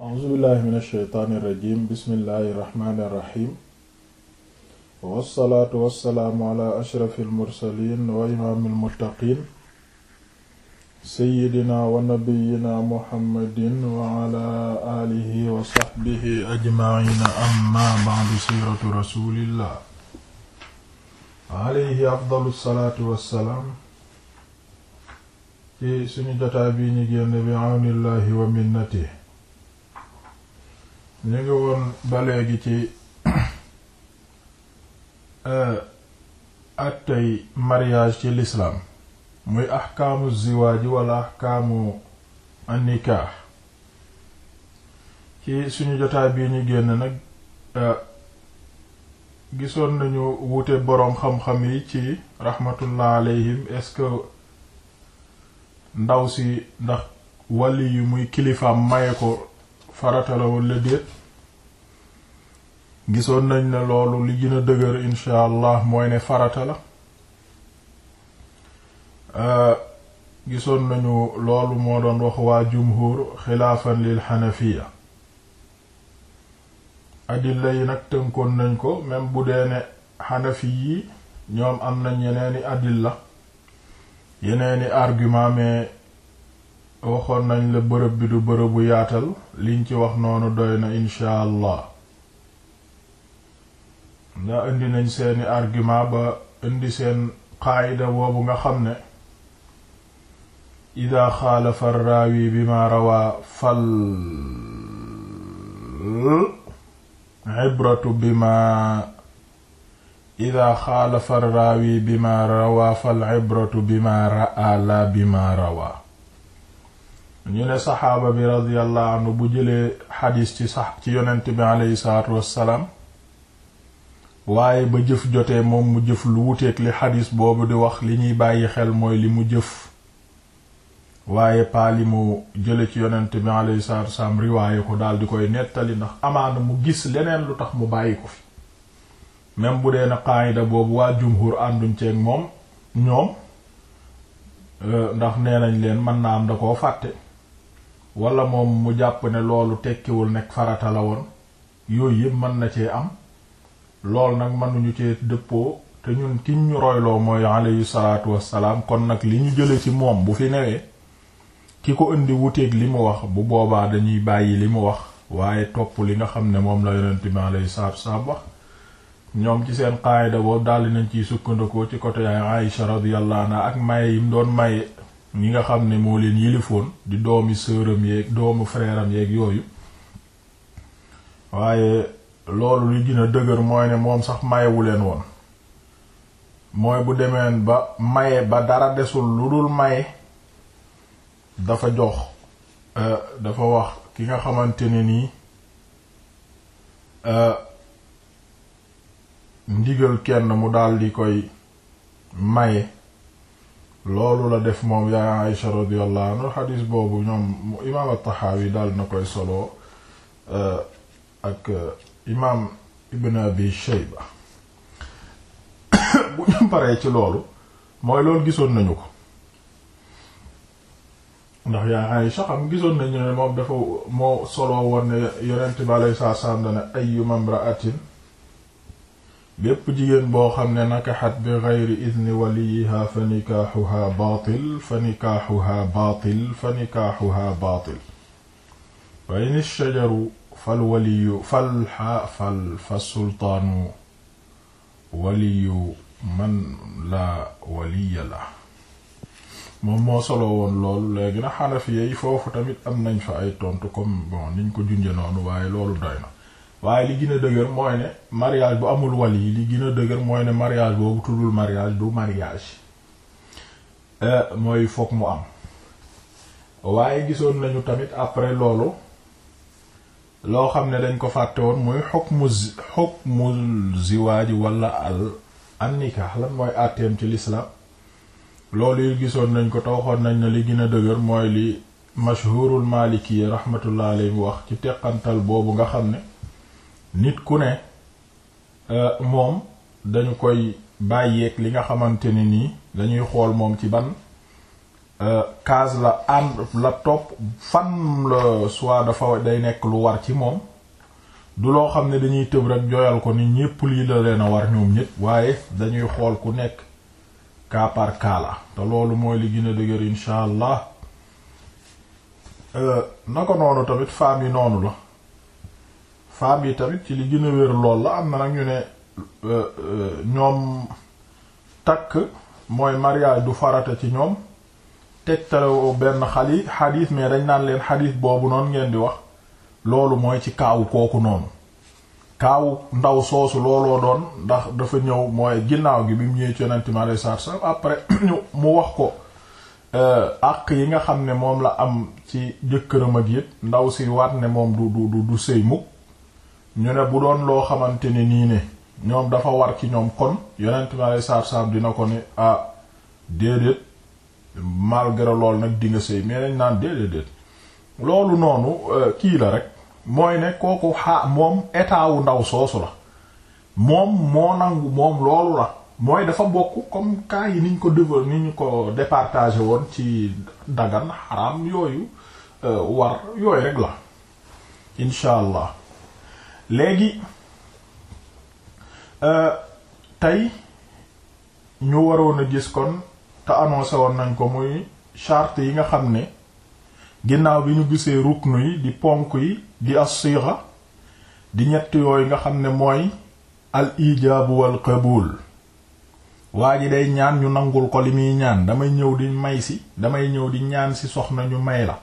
auzubillahi min asheytaani irrajim bismillahi irrahmaani irrahim wassalaatu wassalaamu ala ashrafi almursalin wa imaami almuttaqin seyidina wa nabiyina muhammadin wa ala aalihi wa saxbihi ajmaina amma ba'du siiratu rasulillah alayhi afdalu salaatu wassalaam ci suñu jotaa bi ñu génn bi awnillahi wa minnatihi ñu ngi woon ba léegi ci euh, attey mariage ci lislaam muy axkaamu ziwaaji wala axkaamu nikaax ci suñu jotaay bii ñu génn nag euh, gisoon nañu wuute boroom xam-xam yi ci raxmatullah alayhim est que ndaw si ndax wàlli yu muy kilifaam maye ko farata la walla déet gisoon nañ ne loolu li gën dëgër incha mooy ne farata la euh, gisoon nañu loolu moo doon wax waa jumhur xilaafan lil xanafiya adilla yi nag tënkoon nañ ko même bu dee ne xanafi yi ñoom am nañ yeneeni adilla yeneeni argument mais waxoon nañ la bërëb bi du bërëbu yaatal liñ ci wax noonu doy na incha allah ndaa indi nañ seeni argument ba indi seen qaayida boobu nga xam ne ida xaalafa arraawi bima rawaa fal ibratu bima ida fal ibratu bima raa bima rawaa ñu ne saxaaba bi radiyallahu anhu bu jëlee xadiis ci sax ci yonent bi aleyhi salaatu wassalaam waaye ba jëf jotee moom mu jëf lu wuteek li xadiis boobu di wax li ñuy bàyyi xel mooy li mu jëf waaye paa li mu jële ci yonent bi aleyhi salaatu wassalaam riwaaye ko daal di koy nettali ndax amaana mu gis leneen lu tax mu bàyyi ko fi même bu dee na qaayida boobu waa jumhur ànduñ ceeg moom ñoom euh, ndax nee nañ leen mën naa am da koo fàtte wala moom mu jàpp ne loolu tekkiwul nekk farata la woon yooyu yëpp mën na cee am loolu nag mënuñu cee dëppoo te ñun kiñ ñu royloo mooy alayhi salaatu kon nag li ñu jële ci moom bu fi newee ki ko indi wuteeg li mu wax bu boobaa dañuy bàyyi li mu wax waaye topp li nga xam ne moom la yonent bi alayhi salaatu wassalaam wax ñoom ci seen qaayida boobu daldi nañ ciy sukkandikoo ci côté Aïsha radiyallahu anha ak maye yim doon maye ni nga xam ne moo leen yilifoon di doomi sëram yeeg doomu frèram yeeg yooyu waaye loolu li gën dëgër mooy ne moom sax mayewu leen woon mooy bu demeen ba maye ba dara desul lu dul maye dafa jox euh, dafa wax ki nga xamante ne nii euh, ndigal kenn mu daldi koy maye loolu la def moom yaa Aïsha radiyallahu anha xadis boobu ñoom imaam at daal na koy solo euh, ak euh, imaam Ibn Abi Shayba bu ñu paree ci loolu mooy loolu gisoon nañu ko ndax yaa Aïsha xam gisoon nañu ne moom dafa moo solo woon ne yonent bi alayhi salaam dana ayyuma imra'atin bépp jigéen boo xam ne nakaxat bi geyri idni waliyiha fa nikaaxuha baatil fa nikaaxuha baatil fa nikaaxuha baatil fa in shajaru fal waliyu fal fal fa sultaanu waliyu man laa waliya la moom moo solo woon loolu léegi foofu tamit am nañ fa ay tontu comme bon niñ ko junje noonu waaye loolu doy waaye li gën a dëgër mooy ne mariage bu amul wali yi li gën a dëgër mooy ne mariage boobu tuddul mariage bu mariage euh, mooy fokk mu am waaye gisoon nañu tamit après loolu loo xam ne dañ ko fàtte woon muy hukmu hukmu ziwaaj wala al annikah lan mooy àtteem ci l'islam loolu yi gisoon nañ ko tawaxoon nañ ne li gën a dëgër mooy li mashhurul maliki rahmatullah alayhi wax ci teqantal boobu nga xam ne nit ku ne euh, moom dañu koy bàyyeeg li nga xamante ne nii dañuy xool moom ci ban kaas euh, la ànd la topp fan la soit dafa day nekk lu war ci moom du loo xam ne dañuy tëb rek jooyal ko ni ñépp lii la leen war ñoom ñépp waaye dañuy xool ku nekk cas par te loolu mooy li gën a dëgër incha allah euh, na ko noonu tamit femmes yi noonu la femmes yi tamit ci li gën a lool la am na nag ñu ne euh, euh, ñoom takk mooy mariage du farata ci ñoom tegtalewo benn xali xadiis mais dañ naan leen xadiis boobu noonu ngeen di wax loolu mooy ci kaaw kooku noonu kaaw ndaw soosu looloo doon ndax dafa ñëw mooy ginnaaw gi bi mu après mu wax ko euh, àq yi nga xam ne moom la am ci jëkkëram ak yëpp ndaw si waat ne moom du du du sëy mukk ñu ne bu doon loo xamante ni nii ne ñoom dafa war ci ñoom kon yonent mi alei saatu salaam dina ko ne ah déedéet malgré loolu nag di sëy mais dañ naan déedéet loolu noonu euh, kii la rek mooy ne kooku xaa moom état wu ndaw soosu la moom moo nangu moom loolu la mooy dafa bokk comme cas yi niñ ko développé ni ñu ko départagé woon ci dagan xaraam yooyu euh, war yooyu rek la incha allah léegi euh, tey ñu waroon a gis kon te annoncé woon nañ ko muy chart yi nga xam ne ginnaaw bi ñu gisee ruknu yi di ponk yi di as di ñett yooyu nga xam ne mooy al ijaabu wal qabul waa ji day ñaan ñu nangul ko li muy ñaan damay ñëw di may si damay ñëw di ñaan si soxna ñu may la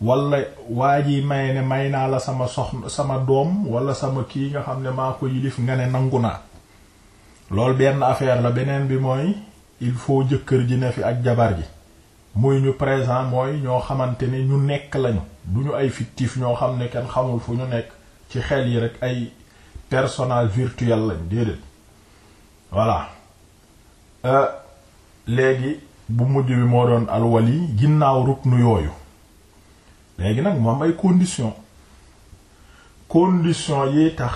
wala waa ji may ne may naa la sama soxna sama doom wala sama kii nga xam ne maa ko yilif nga ne nangu naa loolu benn affaire la beneen bi mooy il faut jëkkër ji ne fi ak jabar ji muy ñu présent mooy ñoo xamante ne ñu nekk lañu du ñu ay fictif ñoo xam ne kenn xamul fu ñu nekk ci xel yi rek ay personnage virtuel lañ déedéet voilà euh, léegi bu mujj bi moo doon alwali ginnaaw ruknu yooyu léegi nag moom am ay condition condition yi tax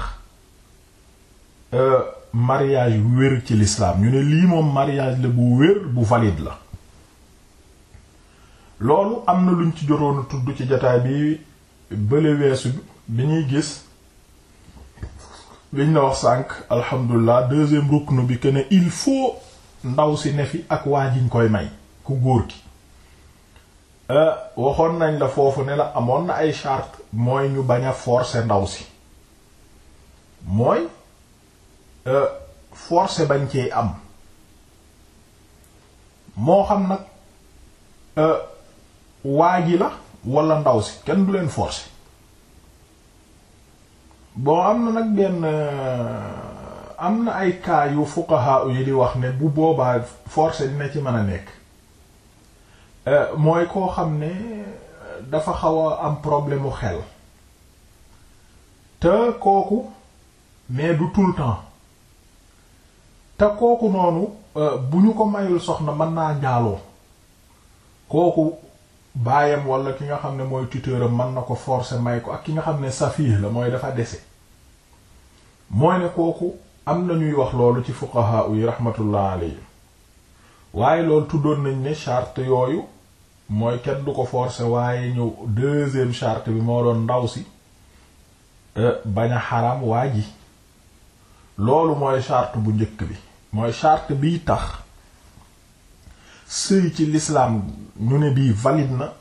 euh, mariage wér ci l'islam ñu ne lii moom mariage la bu wér bu valide la loolu am na luñ ci jotoon tudd ci jataay bi bële weesu bi ñuy gis liñ la wax sànq alhamdulilah deuxième ruknu bi que ne il faut ndaw si ne fi ak waa jiñ koy may ku góor gi Euh, waxoon nañ la foofu ne la amoon na ay charte mooy ñu bañ a forcer ndaw si mooy euh, forcer bañ cee am moo xam nag euh, waa ji la wala ndaw si kenn du leen forcer bon am na nag benn am na ay cas yu yi di wax ne bu boobaa forcer dina ci mën a nekk Euh, mooy koo xam ne euh, dafa xaw am problème mu xel te kooku mais du tout le temps te kooku noonu euh, bu ñu ko mayul soxna mën naa njaaloo kooku baayam wala ki nga xam ne mooy tuteur am man na ko forcer may ko ak ki nga xam ne safii la mooy dafa dese mooy ne kooku am na ñuy wax loolu ci fuqaha yi rahmatullah alayhi waaye loolu tuddoon nañ ne charte yooyu mooy kenn du ko forcer waaye ñu deuxième charte bi moo doon ndaw si euh, bañ a xaram waa ji loolu mooy charte bu njëkk bi mooy charte bi tax sëy ci lislaam ñu ne bii valide na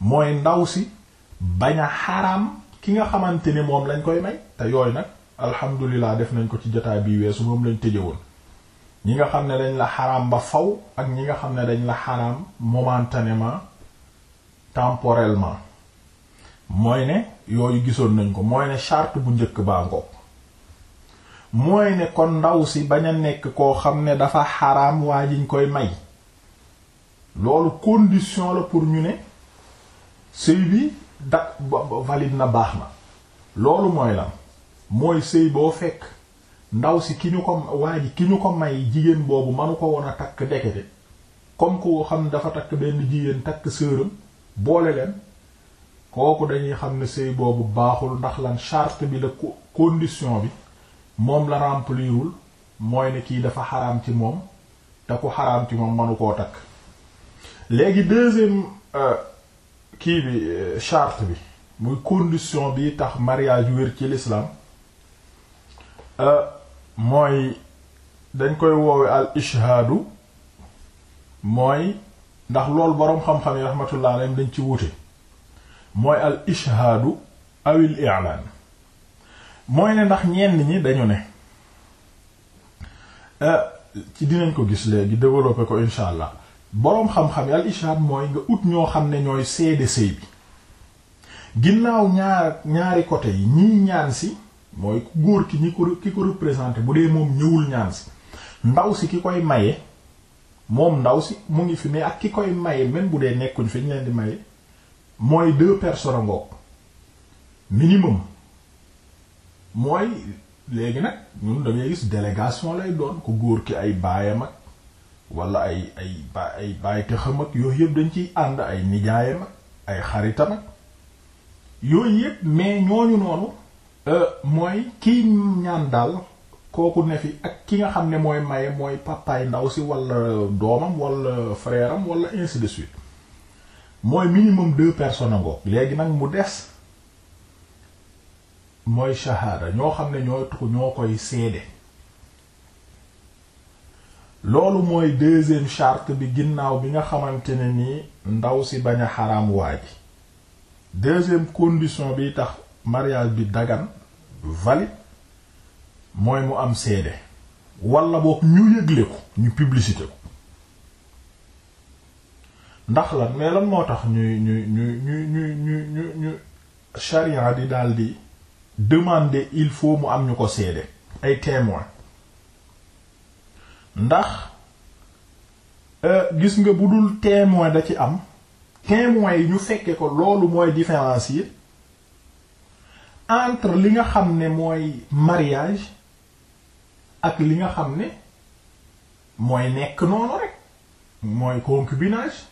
mooy ndaw si bañ a xaram ki nga xamante ni moom lañ koy may te yooyu nag alhamdulilah def nañ ko ci jotaay bi weesu moom lañ tëjewoon ñi nga xam ne dañ la xaram ba faw ak ñi nga xam ne dañ la xaraam momentanément temporellement mooy ne yooyu gisoon nañ ko mooy ne charte bu njëkk baa ngoog mooy ne kon ndaw si bañ a nekk koo xam ne dafa xaram waa jiñ koy may loolu condition la pour ñu ne sëy bi dak valide na baax na loolu mooy la mooy sëy boo fekk ndaw si ki ñu ko waa ji ki ñu ko may jigéen boobu manu ko woon a takk ndekete comme koo xam dafa takk benn jigéen takk sëram boole leen kooku dañuy xam ne sëy boobu baaxul ndax lan charte bi la condition bi moom la remplirul mooy ne kii dafa xaraam ci moom te ku xaraam ci moom manu koo takk léegi deuxième euh, kii bi euh, charte bi muy condition bi tax mariage wér ci l'islam euh, mooy dañ koy woowe al ishaadu mooy ndax loolu boroom xam-xam yi rahmatullah alayhim dañ ci wuute mooy al ishaadu awil i'laan mooy ne ndax ñenn ñi dañu ne euh, ci dinañ ko gis léegi développé ko insha allah boroom xam-xam yi al ishaad mooy nga ut ñoo xam ne ñooy seede sëy bi ginnaaw ñaar ñaari côté yi ñii ñaan si mooy ku góor ki ñi ko ki bu dee moom ñëwul ñaan si ndaw si ki koy maye moom ndaw si mu ngi fi mais ak ki koy maye même bu dee nekkuñ fi ñu leen di maye mooy deux personnes ngoog minimum mooy léegi nag ñu da ngay gis délégation lay doon ku góor ki ay baayam ak wala ay ay ba ay baay tëxam ak yooyu yëpp dañ ciy ànd ay nijaayam ak ay xaritam ak yooyu yëpp mais ñooñu noonu. Euh, mooy kiy ñaan daal kooku ne fi ak ki nga xam ne mooy maye mooy papaay ndaw si wala doomam wala frère am wala ainsi de suite mooy minimum deux personnes ngoog léegi nag mu des mooy shahada ñoo xam ne ñoo tax ñoo koy seede loolu mooy deuxième charte bi ginnaaw bi nga xamante ne nii ndaw si bañ a waa ji deuxième condition bi tax mariage bi dagan valide mooy mu am seede wala boog ñu yëgle ko ñu publicité ko ndax la mais lan moo tax ñuy ñuy ñuy ñuy ñuy ñuy ñu ñu charia di daal di demander il faut mu am ñu ko seede ay témoin ndax euh, gis nga bu dul témoin da ci am témoin yi ñu fekke ko loolu mooy différencier entre li nga xam ne mooy mariage ak li nga xam ne mooy nekk noonu rek mooy concubinage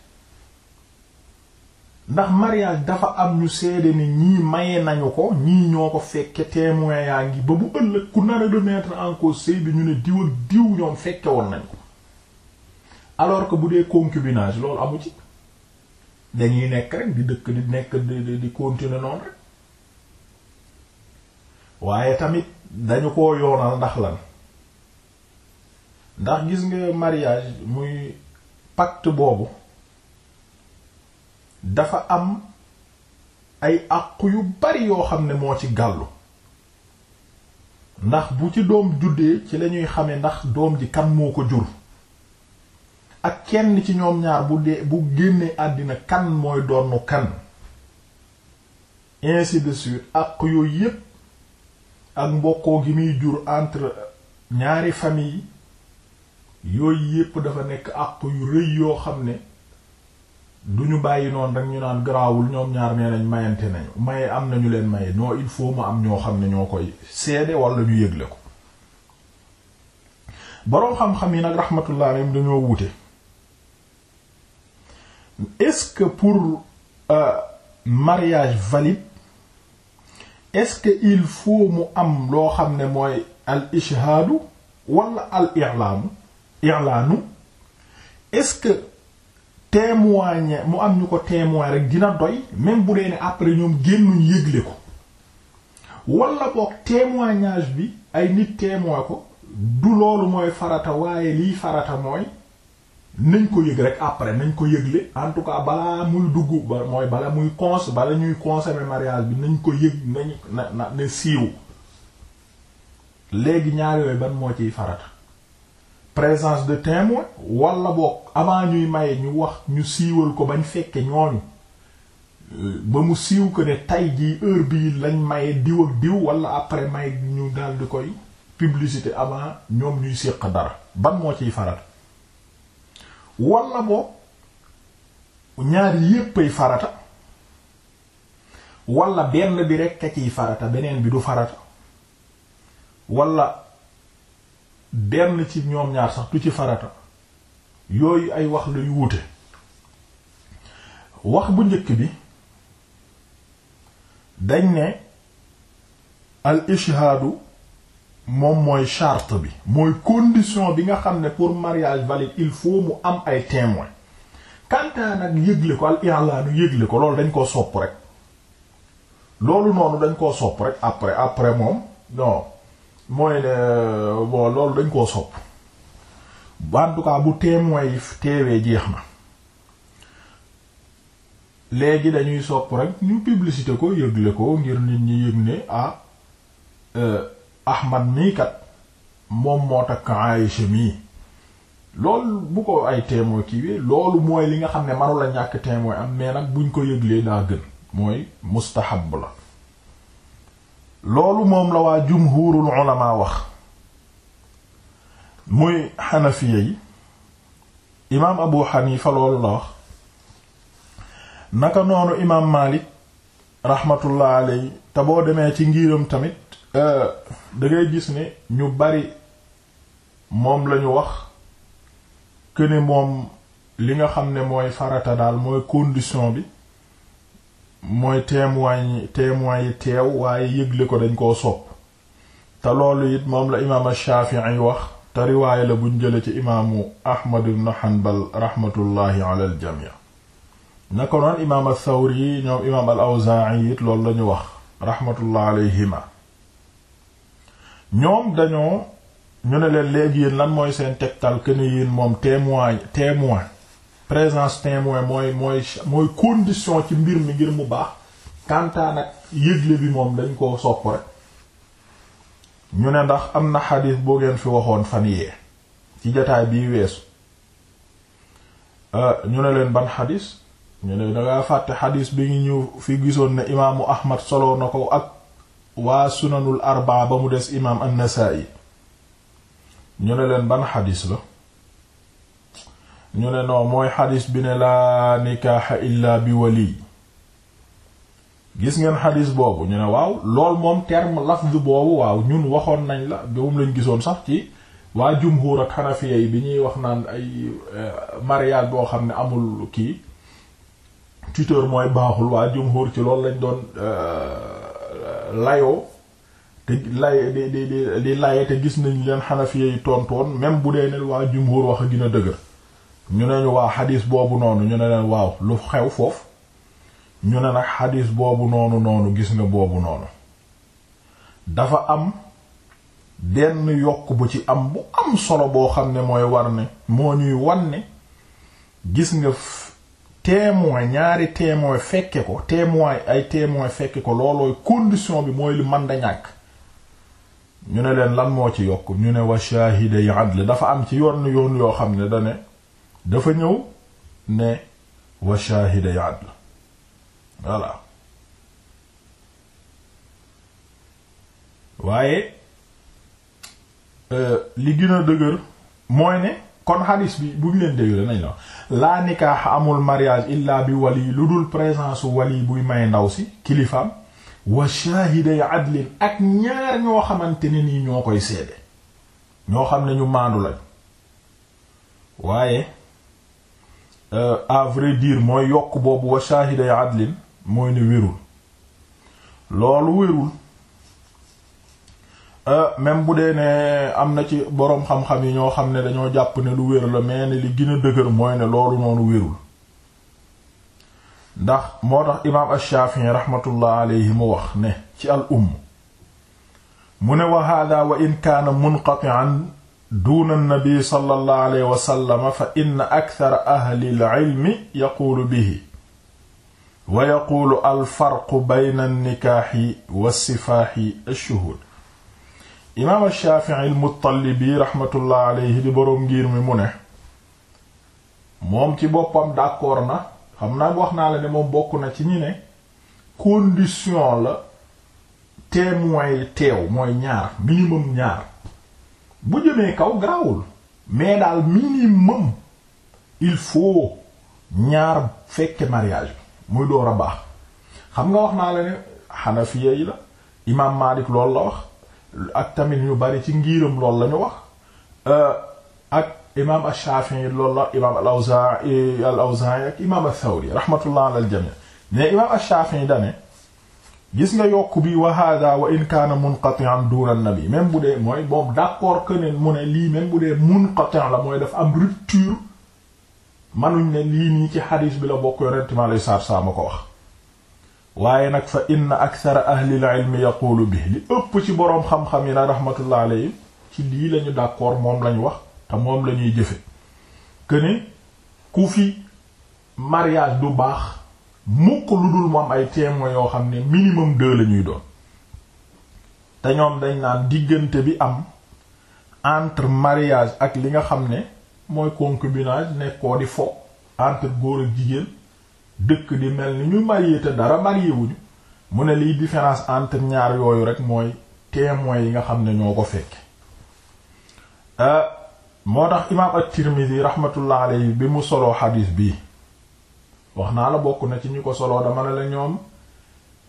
ndax mariage dafa am ñu seede ni ñii maye nañu ko ñii ñoo ko fekke témoin yaa ngi ba bu ëllëg ku nar a remettre en cause bi ñu ne diw diw ñoom fekke woon nañ ko alors que bu dee concubinage loolu amu ci dañuy nekk rek di dëkk di nekk di di continuer noonu rek waaye tamit dañu ko yoonal ndax lan ndax gis nga mariage muy pacte boobu dafa am ay àq yu bari yoo xam ne moo ci gàllu ndax bu ci doom juddee ci lañuy xame ndax doom ji kan moo ko jur ak kenn ci ñoom ñaar bu dee bu génnee àddina kan mooy doonu kan ainsi de suite àq yooyu yépp ak mbokkoo gi muy jur entre ñaari famille yooyu yépp dafa nekk àq yu rëy yoo xam ne du ñu bàyyi noonu rek ñu naan garaawul ñoom ñaar nee nañ mayante nañu maye am nañu leen maye noo il faut mu am ñoo xam ne ñoo koy seede walla ñu yëgle ko boroom xam-xam yi nag rahmatullah alayhim dañoo wute est-ce que pour euh, mariage valide est-ce que il faut mu am loo xam ne mooy al ishhaadu wala al i'laamu i'laanu est-ce que témoigner mu am ñu ko témoin rek dina doy même bu dee ne après ñoom génnuñ yëgle ko wala boog témoignage bi ay nit témoin ko du loolu mooy farata waaye liy farata mooy nañ ko yëg rek après nañ ko yëgle en tout cas balaa muy dugg ba mooy bala muy cons bala ñuy consommer mariage bi nañ ko yëg nañ na na ne siiw léegi ñaar yooyu ban moo ciy farat présence de témoin walla boog avant ñuy may ñu wax ñu siiwal ko bañ fekke ñooñu euh, ba mu siiw ko ne tay jii heure bii lañ may diw ak diw wala après maye ñu daal di koy publicité avant ñoom ñuy séq dara ban moo ciy farata wala boo ñaar yéppay farata wala benn bi rekk a ciy farata beneen bi du farata wala benn ci ñoom ñaar sax du ci farata yooyu ay wax la yu wuute wax bu njëkk bi dañ ne al ishaadu moom mooy charte bi mooy condition bi nga xam ne pour mariage valide il faut mu am ay témoins kantaa nag yëgle ko al i'laanu yëgle ko loolu dañ koo sopp rek loolu noonu dañ koo sopp rek après après moom non mooy ne euh, dañ koo sopp en tout cas bu témoins yi teewee jeex na léegi dañuy sopp rek ñu publicité ko yëgle ko ngir nit ñi yëg ne ah euh, Ahmad mii kat moom moo takk Aïcha mii loolu bu ko ay témoin kiiwee loolu mooy li nga xam ne manu la ñàkk témoin am mais nag buñ ko yëglee daa gën mooy mustahab la loolu moom la waa jumhurul ulama wax muy xanafiya yi imaam abu xanifa loolu la wax naka noonu imaam malik rahmatullah aley te boo demee ci ngiiram tamit Euh, dangay gis ni ñu bari moom lañu wax que ni moom li nga xam ne mooy farata daal mooy condition bi mooy témoin yi témoin yi teew waaye yëgle ko dañ koo sopp te loolu it moom la imaam Shaafi'i wax te riwaaya la buñ jëlee ci imaamu Ahmad ibn Hanbal rahmatullahi ala al jamii naka noon imaam imaam al-Awzaa'i it loolu lañu wax rahmatullahi alayhima ñoom dañoo ñu ne leen léegi yéen lan mooy seen tegtal que ne yéen moom témoin témoin présence témoin mooy mooy mooy condition ci mbir mi ngir mu baax kantaan ak yëgle bi moom dañ koo sopp rek ñu ne ndax am na xadis boo ngeen fi waxoon fan yee ci jataay bii weesu euh, ñu ne leen ban xadis ñu ne dangaa fàtte xadis bi ngi ñëw fi gisoon ne imaamu Ahmad solo na ko ak waa sunanul arbaa ba mu des imaam an-Nasaa'i ñu ne leen ban xadis la ñu ne non mooy xadis bi ne laa nikaaxa illaa bi wali gis ngeen xadis boobu ñu ne waaw lool moom terme lafz boobu waaw ñun waxoon nañ la moom lañ gisoon sax ci waa jumhuur ak xanafiya yi bi ñuy wax naan ay eh, mariage boo xam ne amul kii tuteur mooy baaxul waa jumhuur ci loolu lañ doon eh, layoo te lay di di di laye te gis nañ leen xanafiye yi tontoon même bu dee ne waa jumhur wax a gën a dëgër ñu ne ñu waa xadis boobu noonu ñu ne leen waaw lu xew foofu ñu ne nag xadis boobu noonu noonu gis nga boobu noonu dafa am benn yokk bu ci am bu am solo boo xam ne mooy war ne moo ñuy wan ne gis nga témoin ñaari témoin fekke ko témoin ay témoin fekke ko loolooy condition bi mooy li man de ñàkk ñu ne leen lan moo ci yokk ñu ne wa shahiday adl dafa am ci yoon yoon yoo xam ne da dafa ñëw ne wa shahiday waaye euh, li gën dëgër mooy ne kon hadis bi buñ leen déglu nañ la laa nikaax amul mariage illa bi wali lu dul présence wali buy may ndaw si kilifaam wa shaahiday adlin ak ñaar ñoo xamante ne nii ñoo koy seede ñoo xam ne ñu maandu lañ waaye euh, à vrai mooy yokk boobu wa shaahiday adlin mooy ne wérul loolu wérul Euh, même bu dee ne am na ci boroom xam-xam yi ñoo xam ne dañoo jàpp ne lu wér la mais ne li gën a dëgër mooy ne loolu noonu wérul ndax moo tax imaam ash-Shafi'i rahmatullah alayhi mu wax ne ci al umm mu ne wa hada wa in kaana munqati'an duna nabi sallallahu alayhi wa sallam fa inna akthara ahli al-ilmi yaquulu bihi wa yaquulu al-farqu bayna an-nikaahi was-sifaahi ash-shuhuud imaam Shaafi'i al-Muttalibi raxmatullah alayhi di boroom ngir mi mu ne moom ci boppam d'accord na xam naa wax naa la ne moom bokk na ci ñi ne condition la témoin teew mooy ñaar minimum ñaar bu jëmee kaw garaawul mais daal minimum il faut ñaar fekke mariage bi muy door a baax xam nga wax naa la ne xanafiya la imaam Maalik loolu la wax ak tamit ñu bari ci ngiiram loolu euh, la wax ak imaam ash loolu la al-Awza'i al-Awza'i ak imaam ath-Thawri rahmatullah ala al-jami' ne imaam ash-Shafi'i dane gis nga yokk bi wa hada wa in kaana munqati'an même bu dee mooy bon d'accord que ne mu lii même bu dee munqati' la mooy daf am rupture manuñ ne lii nii ci hadis bi la bokk yonent ma lay saar ko wax waaye nag fa inna akthara ahlil ilmi yaqulu bi li ëpp ci boroom xam-xam yi nag rahmatullah alayhim ci lii lañu d'accord moom lañu wax te moom lañuy jëfe këne ku fi mariage du baax mukk lu dul moom ay témoins yoo xam ne minimum deux lañuy doon te ñoom dañ naan diggante bi am entre mariage ak li nga xam ne mooy concubinage nekkoo di fo entre góor ak jigéen dëkk di mel ni ñu marié te dara marié wuñu mu ne liy différence entre ñaar yooyu rek mooy témoins yi nga xam ne ñoo ko fekke euh, moo tax imaam at-Tirmidhi rahmatullah alayhi bi mu soloo xadiis bii wax naa la bokk na ci ñu ko soloo dama ne la ñoom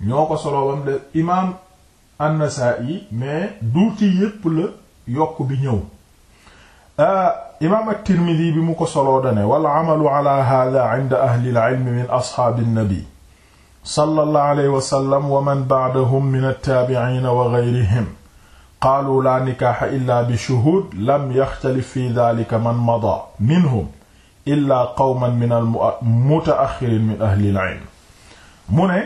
ñoo ko soloo bam de imaam an-Nasa'i mais du ci yépp la yokk bi ñëw euh, imaam at-Tirmidi bi mu ko soloo dane wal amalu ala hada inda ahli al-ilmi min asxaabi an-nabi sallallahu alayhi wa sallam wa man ba'dahum min at-taabi'iina wa ghayrihim qaalu laa nikaaxa illaa bi shuhuud lam yaxtalif fi daalika man madaa minhum illaa qawman min al-muta'axxiriin min ahli al-ilm mu ne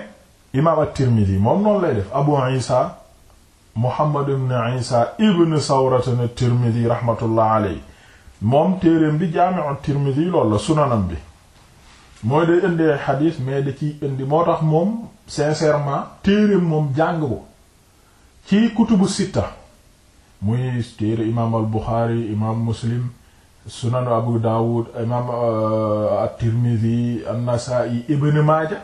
imaam at-Tirmidi moom noonu lay def Abu Iisa Muhammad ibn Iisa ibn Sawrata at-Tirmidi raxmatullahi alayhi moom téereem bi jaami'u Tirmidhi loolu la sunanam bi mooy day indi xadiis mais da ci indi moo tax moom sincèrement téereem moom jàng ko ci kutubu sitta muy téere imaam al Bukhari imaam Muslim sunanu Abu Dawud imaam euh, at-Tirmidhi an-Nasa'i Ibn Maaja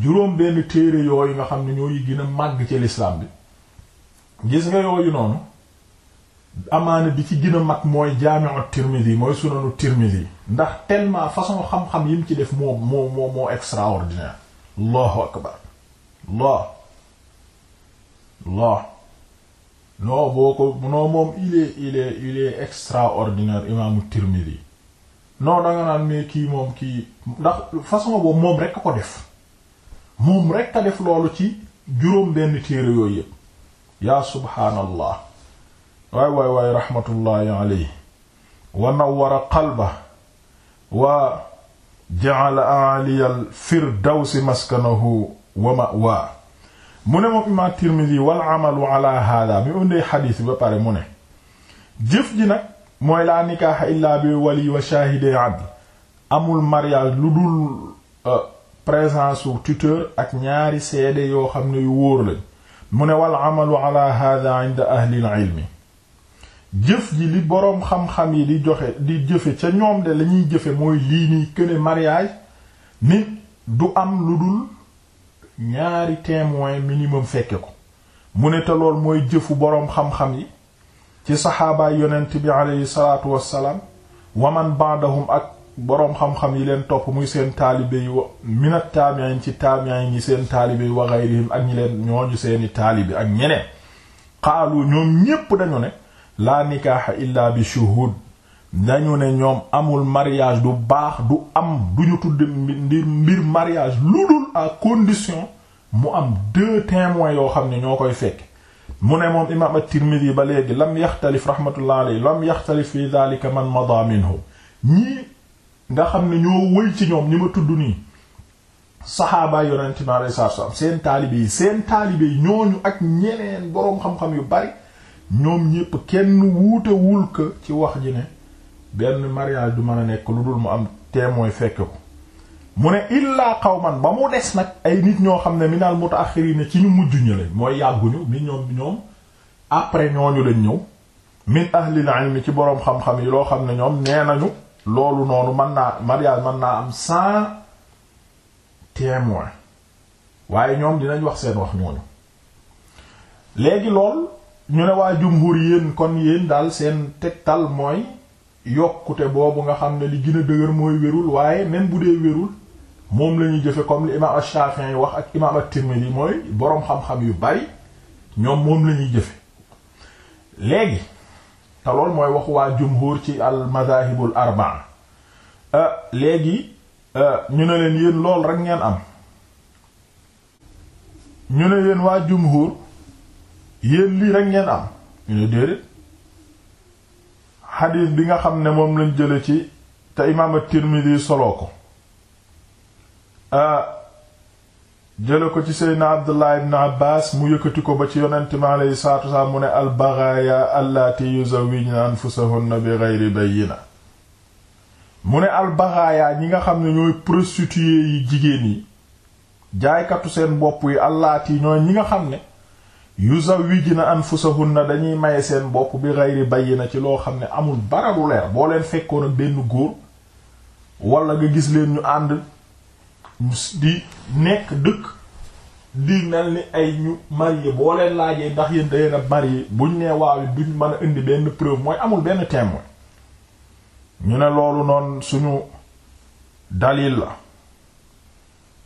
juróom benn téere yooyu nga xam ne ñooy gën a màgg ci lislaam bi gis nga yooyu noonu amaana bi ci gën a mag mooy jaami'u Tirmidhi mooy sunanu Tirmidhi ndax tellement façon xam-xam yi mu ci def moo moo moo moo extraordinaire allahu akbar moom il est il est il imaamu Tirmidhi non danga naan mais kii moom kii ndax façon boobu moom rekk a ko def moom rekk a def loolu ci juróom benn téere yooyu yëpp yaa subhaanallah waay waay waay raxmatullaahi alayhi wa nawwara qalba wa ja'ala a'liyal firdawsi maskanahu wa ma'wa mu ne moom imaam Tirmidi wal amalu ala hada mi undee xadiis bi ba pare mu ne jëf ji nag mooy laa nikaaxa illaa bi wali wa shahide abd amul mariage lu dul euh, présence su tuteur ak ñaari seede yoo xam ne yu wóor lañ mu ne wal amalu ala hada inda ahlil ilmi jëf ji li boroom xam-xam yi di joxe di jëfe ca ñoom de lañuy ñuy jëfe mooy lii nii këne mariage nit du am lu dul ñaari témoin minimum fekke ko mu ne te lool mooy jëfu boroom xam-xam yi ci saxaabaay yonent bi aleyhi salaatu wassalaam waman ba'dahum ak boroom xam-xam yi leen topp muy seen taalibe yi wa minat tabi'in ci tabi'in yi seen taalibe yi wa ghayrihim ak ñi leen ñooñu seeni taalibe ak ñeneen xaalu ñoom ñépp dañu ne laa nikaaxa illa bi shuhud dañu ne ñoom amul mariage du baax du am duñu ñu tudd mbir mbir mariage lu dul a condition mu am deux témoins yoo xam ne ñoo koy fekk mu ne moom imaam at-Tirmidhi ba léegi lam yaxtalif rahmatullah alayhi lam yaxtalif fi dhalika man mada minhu ñii nga xam ne ñoo wëy ci ñoom ñi ma tudd nii saxaaba yonente mi alayhi salaatu seen taalibe yi seen taalibe yi ñooñu ak ñeneen boroom xam-xam yu bari ñoom ñépp kenn wuutewul ko ci wax ji ne benn mariage du mën a nekk lu dul mu am témoin fekk ko mu ne illaa man ba mu des nag ay nit ñoo xam ne minal mutaaxiriin ci ñu mujj ñu lañ mooy yàgguñu mi ñoom ñoom après ñooñu lañ ñëw min ahlil ilmi ci boroom xam yi loo xam ne ñoom nee nañu loolu noonu mën naa mariage mën naa am sans témoin waaye ñoom dinañ wax seen wax ñooñu léegi lool ñu ne waa jumhur yéen kon yéen daal seen tegtal mooy yokkute boobu nga xam ne li gën a dëgër mooy wérul waaye même bu dee wérul moom lañuy jëfe comme li imaam Shafi'i yi wax ak imaam at-Tirmidhi mooy boroom xam-xam yu bari ñoom moom lañuy jëfe léegi te lool mooy wax waa jumhur ci al madahibul arbaa euh, léegi euh, ñu ne leen yéen lool rek ngeen am ñu ne leen waa jumhur yéen lii rek ngeen am ñu ne déedéet xadiis bi nga xam ne moom lañ jële ci te imaam at-Tirmidhi soloo ko ah, jële ko ci seydna Abdullah na Abbas mu yëkkati ko ba ci yonent mi alayhi salaatu mu ne al-baghaaya allati yuzawwijna anfusahunna bi ghayri bayyina mu ne al ñi nga xam ne ñooy prostituées yi jigéen yi jaaykatu seen bopp yi allati ñooy ñi nga xam ne an yuzawwijna na dañuy maye seen bopp bi ghayri na ci loo xam ne amul barabu leer boo leen fekkoon ak benn góor wala nga gis leen ñu ànd di nekk dëkk di ni ay ñu marié boo leen laajee ndax yéen da leen a marié buñ nee waaw it duñ mën a indi benn preuve mooy amul benn témoin ñu ne loolu noon suñu dalil la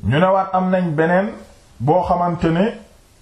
ñu ne waat am nañ beneen boo xamante ne.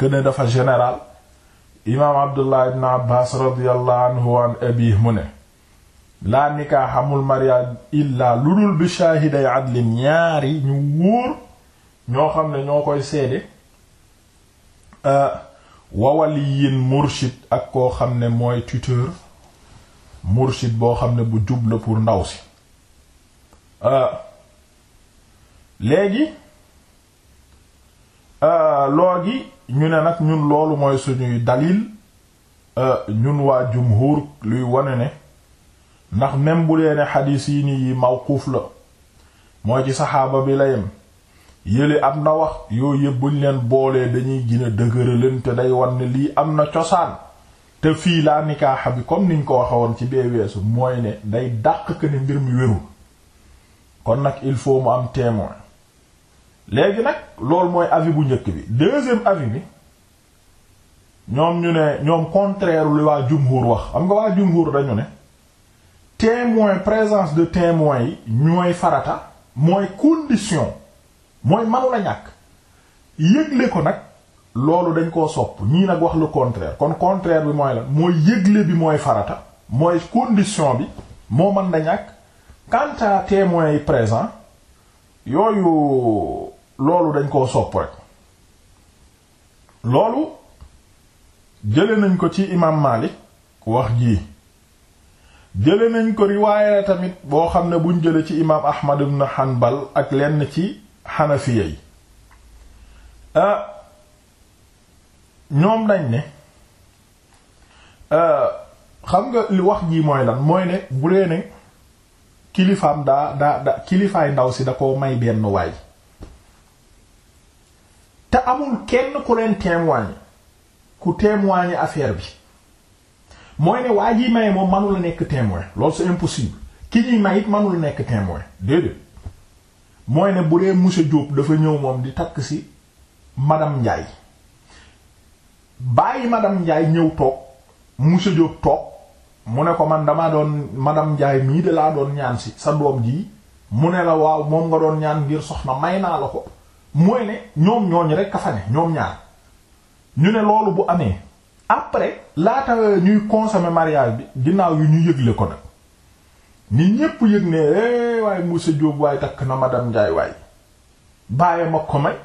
këne dafa général imaam abdullah ibn abbas radiyallahu anhu an mu ne laa nikaax amul mariage illaa lu dul bi shaahiday adlin ñaari ñu wóor ñoo xam ne ñoo koy seede euh, wawaliyin murshid ak koo xam ne mooy tuteur murshid boo xam ne bu jub pour ndaw si euh, léegi Euh, loogi ñu ne nag ñun loolu mooy suñuy dalil euh, ñun waa jumhur luy wane ne ndax même bu lee ne xadiis yi nii yi mawquuf la mooy ci saxaaba bi la yem yële am na wax yoo yëpp buñ leen boolee dañuy gën a dëgëraleen te day wan ne lii am na cosaan te fii laa nikaaxa bi comme liñ ko waxe ci bee weesu mooy ne day dàq que ne mbir mi wérul kon nag il faut mu am témoin léegi nag loolu mooy avis bu njëkk bi deuxième avis bi ñoom ñu ne ñoom contraire lu waa jumhur wax xam nga waa jumhur dañu ne témoin présence de témoin yi ñooy farata mooy condition mooy manu la ñàkk yëgle ko nag loolu dañ koo sopp ñii nag wax lu contraire kon contraire bi mooy la mooy yëgle bi mooy farata mooy condition bi moo mën na ñàkk quant à témoin yi présent yooyu loolu dañ koo sopp rek loolu jële nañ ko ci imaam Maalik wax jii jële nañ ko riwaaya tamit boo xam ne buñ jële ci imaam Ahmad ibn Hanbal ak lenn ci xanafiya yi euh, ñoom dañ ne euh, xam nga li wax jii mooy lan mooy ne bu dee kilifaam daa daa daa kilifaay ndaw si da ko may benn waay te amul kenn ku leen témoigner ku témoigner affaire bi mooy ne waa ji maye moom manula nekk témoin lool c'est impossible ki ñuy may it manula nekk témoin déedéet mooy ne bu dee monsieur Diop dafa ñëw moom di takk si madame Ndiaye bàyyi madame Ndiaye ñëw toog monsieur Diop toog mu ne ko man dama doon madame njaay mii de laa doon ñaan ci sa doom ji mu ne la waaw moom nga doon ñaan ngir soxna may naa la ko mooy ne ñoom ñooñ rek ka fa ne ñoom ñaar ñu ne loolu bu amee après laata ñuy consommer mariage bi ginnaaw yu ñu yëgle ko nag ni ñépp yëg ne eh waaye monsieur Diop waaye takk na madame Ndiaye waaye bàyyi ma ko may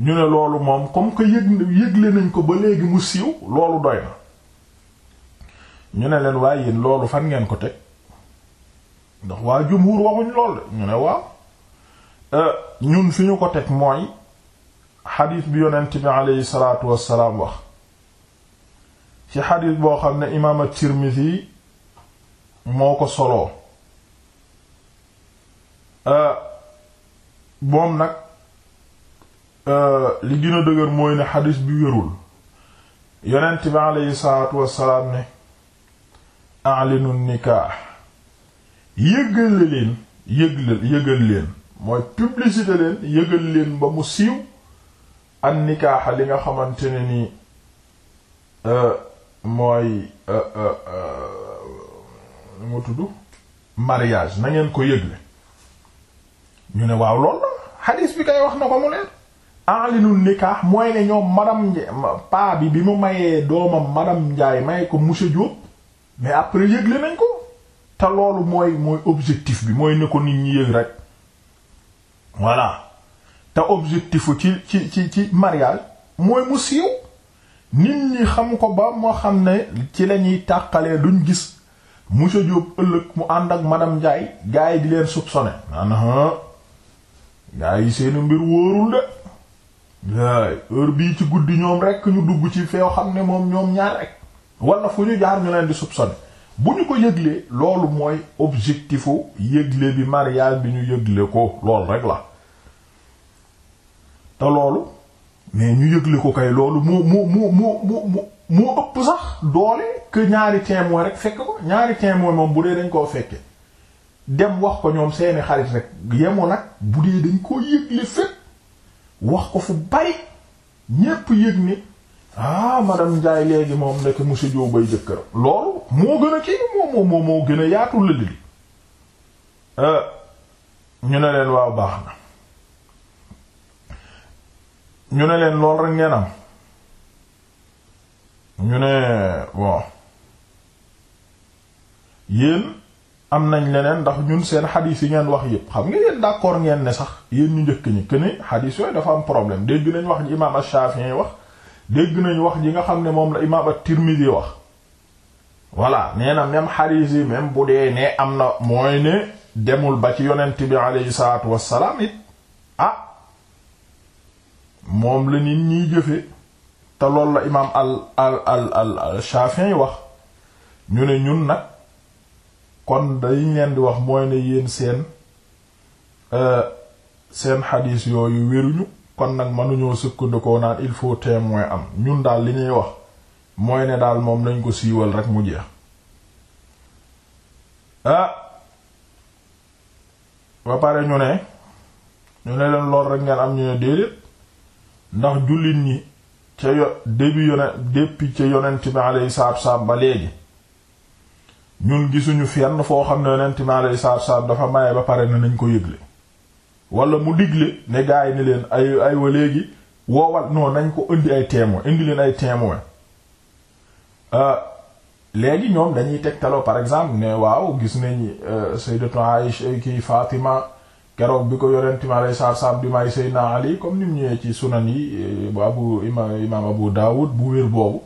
ñu ne loolu moom comme que yëg yëgle nañ ko ba léegi mu siiw loolu doy na ñu ne leen waaye yéen loolu fan ngeen ko teg ndax waa jumhur waxuñ lool ñu ne waaw. Euh, ñun fi ñu ko teg mooy xadiis bi yonent bi aleyhi salaatu wassalaam wax ci xadiis boo xam ne imaam at-Tirmidhi moo ko soloo euh, moom nag euh, li gën a dëgër mooy ne xadiis bi wérul yonent bi aleyhi salaatu wassalaam ne a'linu nikaax yëgal leen yëgal leen mooy publicité leen yëgal leen ba mu siiw a nikaaxa li nga xamante ne ni euh, mooy euh, euh, mu tudd mariyage na ngeen ko yëgle ñu ne waaw lool la xadiis bi kay wax na ko mu leen alinu nikaax mooy ne ñoom madame paa bi bi mu mayee doomam madame Ndiaye maye ko monsieur Diop mais après yëgle nañ ko te loolu mooy mooy objectif bi mooy ne ko nit ñi yëg rek voilà te objectif ci ci ci ci mariage mooy mu siiw nit ñi xam ko ba moo xam ne ci la ñuy tàqalee duñ gis monsieur Diop ëllëg mu ànd ak madame Ndiaye gars yi di leen soupçonné naan gars yi seeni mbir wóorul de waay heure bii ci guddi ñoom rek ñu dugg ci feew xam ne moom ñoom ñaar rek wala fu ñu jaar ñu leen di soupçonné bu ñu ko yëglee loolu mooy objectifu yëgle bi mariage bi ñu yëgle ko loolu rek la te loolu mais ñu yëgle ko kay loolu moo moo moo moo moo moo ëpp sax doole que ñaari témoin rek fekk ko ñaari témoin moom bu dee dañ koo fekke dem wax ko ñoom seeni xarit rek yemo nag bu dee dañ koo yëgle fépp wax ko fu bari ñépp yëg ni ah madame Ndiaye léegi moom nekk monsieur Diop bay jëkkër loolu moo gën a kii moom moom moo gën a yaatu lël li euh, ñu ne leen waaw baax na ñu ne leen lool rek ngeen am ñu ne bon yéen am nañ leneen ndax ñun seen xadiis yi ngeen wax yépp xam nga yéen d'accord ngeen ne sax yéen ñu njëkk ñi que ni xadiis yooyu dafa am problème dégg nañ wax ji imaam Shafi'i wax. dégg nañ wax ji nga xam ne moom la imaam at-Tirmidhi wax voilà nee na même yi même bu dee ne am na mooy ne demul ba ci yonent bi aleyhi salaatu wassalaam it ah moom la nit ñiy jëfe te loolu la imaam al al al al Shafi'i wax ñu ne ñun nag kon day leen di wax mooy ne yéen seen euh, seen xadis yooyu wéruñu kon nag mënuñoo sukkandikoo naan il faut mooy am ñun daal li ñuy wax mooy ne daal moom nañ ko siiwal rek mu jeex ah ba pare ñu ne ñu ne leen lool rek ngeen am ñu ne déedéet ndax jullit ñi ca yo début yone depuis ca yonent bi yi salaatu salaam ba léegi ñun gisuñu fenn foo xam ne yonent bi alayhi salaatu salaam dafa maye ba pare ne nañ ko yëgle wala mu digle ne gaa yi ni leen ay ay wa léegi woowal non nañ ko indi ay témoin indi leen ay témoin euh, léegi ñoom dañuy tegtaloo par exemple ne waaw gis nañ euh, sayyidatu Aïcha euh, ki Fatima keroog bi ko yorenti ma lay saar saab bi may Seydina Ali comme ni mu ñëwee ci sunan yi bu abu imaam imaam Abu Dawud bu wér boobu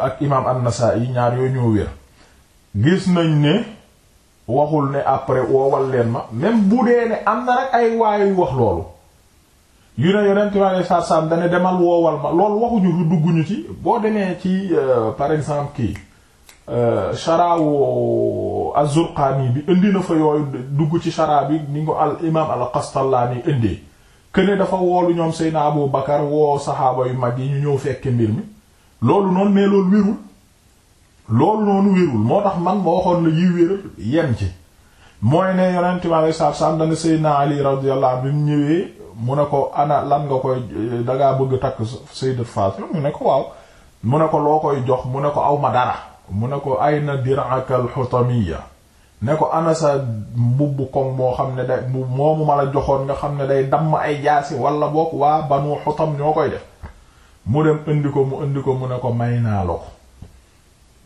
ak imaam An-Nasa'i ñaar yooyu ñoo wér gis nañ ne waxul ne après woowal leen ma même bu dee ne am na rek ay waaye yu wax loolu yu ne yonent waaye sarsam dane demal woowal ma loolu waxuñu lu dugguñu ci boo demee ci euh, par exemple kii sharaawu euh, az-Zurqaani bi indi na fa yooyu dugg ci sharaa bi ni ko al imaam al Qastallaani indee këne dafa woolu ñoom Seydina Abu Bakar woo saxaaba yu mag yi ñu ñëw fekk mbir mi loolu noonu mais loolu wérul loolu noonu wérul moo tax man ma waxoon la yi wér yem ci mooy ne yonent bi alayhi salaatu salaam dana Seydina Ali radiyallahu anhu bi mu ñëwee mu ne ko ana lan nga koy dangaa bëgg takk Sayyidat Fatima mu ne ko mu ne ko loo koy jox mu ne ko aw ma dara mu ne ko ay na dirakal xutamiya ne ko ana sa mbubb koŋ moo xam ne day moomu ma la joxoon nga xam ne day damm ay jaasi walla bokk waa banu xutam ñoo koy def mu dem indi ko mu indi ko mu ne ko may naa la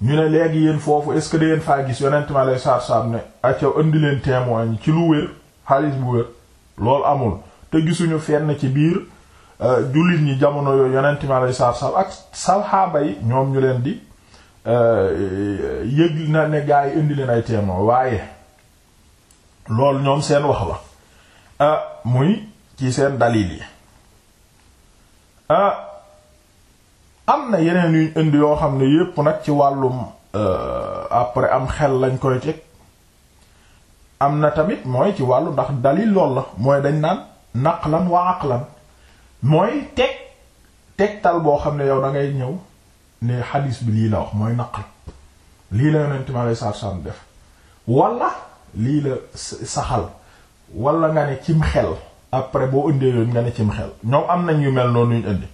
ñu ne léegi yéen foofu est-ce que da faa gis yonent ma lay saar-saar ne accaw indi leen témoin ñi ci lu wér xaalis bu wér loolu amul te gisuñu fenn ci biir euh, jullit ñi jamono yooyu yonent ma lay saar-saar ak salxaaba yi ñoom ñu leen di euh, yëg na ne gaa yi indi leen ay témoin waaye loolu ñoom seen wax la ah, muy ci seen dalil yi ah, am na yeneen yuñ indi yoo xam ne yépp nag ci wàllum euh, après am xel lañ koy teg am na tamit mooy ci wàllu ndax dalil lool la mooy dañ naan naq naqlan wa aqlan mooy teg tegtal boo xam ne yow dangay ñëw ne xadiis bi lii la wax mooy naqal lii la yonent mi alayhi salaatu salaam def wala lii la saxal walla nga ne cim xel après boo indee yoon nga ne cim xel ñoom am nañ yu mel noonu ñu indi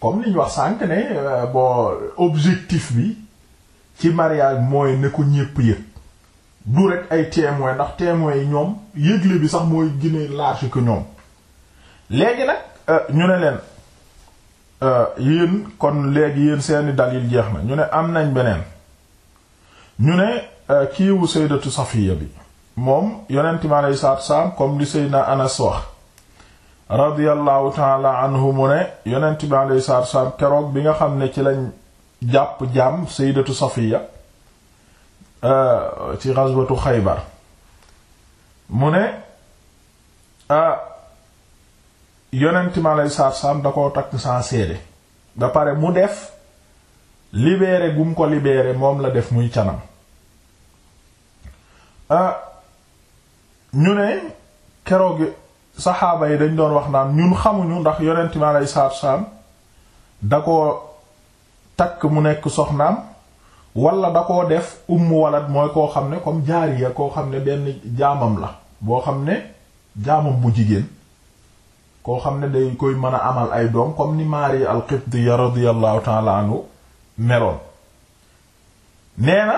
comme li ñu wax sànq ne euh, bon objectif bi ci mariage mooy ne ko ñépp yëg du rek ay témoins ndax témoins yi ñoom yëgle bi sax mooy gën a large que ñoom léegi nag euh, ñu ne leen euh, yéen kon léegi yéen seeni dalil jeex na ñu ne am nañ beneen ñu ne kiiwu sayyidatu Safiya bi moom yonent mi alayhi salaatu wa comme li Seydina Anas wax radiyallahu taala anhu mu ne yonent bi alayhi salaatu wasalaam keroog bi nga xam ne ci lañ jàpp jaam sayyidatu Safiya euh, ci ghazwatu Xaybar mu ne euh, yonent bi alayhi salaatu wasalaam da koo takk sans seede ba pare mu def libéré gum ko libéré moom la def muy canam euh, ñu ne keroog saxaaba yi dañ doon wax naan ñun xamuñu ndax yonent mi alayhi salaatu salaam da koo takk mu nekk soxnaam walla da ko def ummu walad mooy koo xam ne comme jaariya koo xam ne benn jaamam la boo xam ne jaamam bu jigéen koo xam ne day koy mën a amal ay doom comme ni Maari al-Qibtiyya radiyallahu ta'ala anhu meloon nee na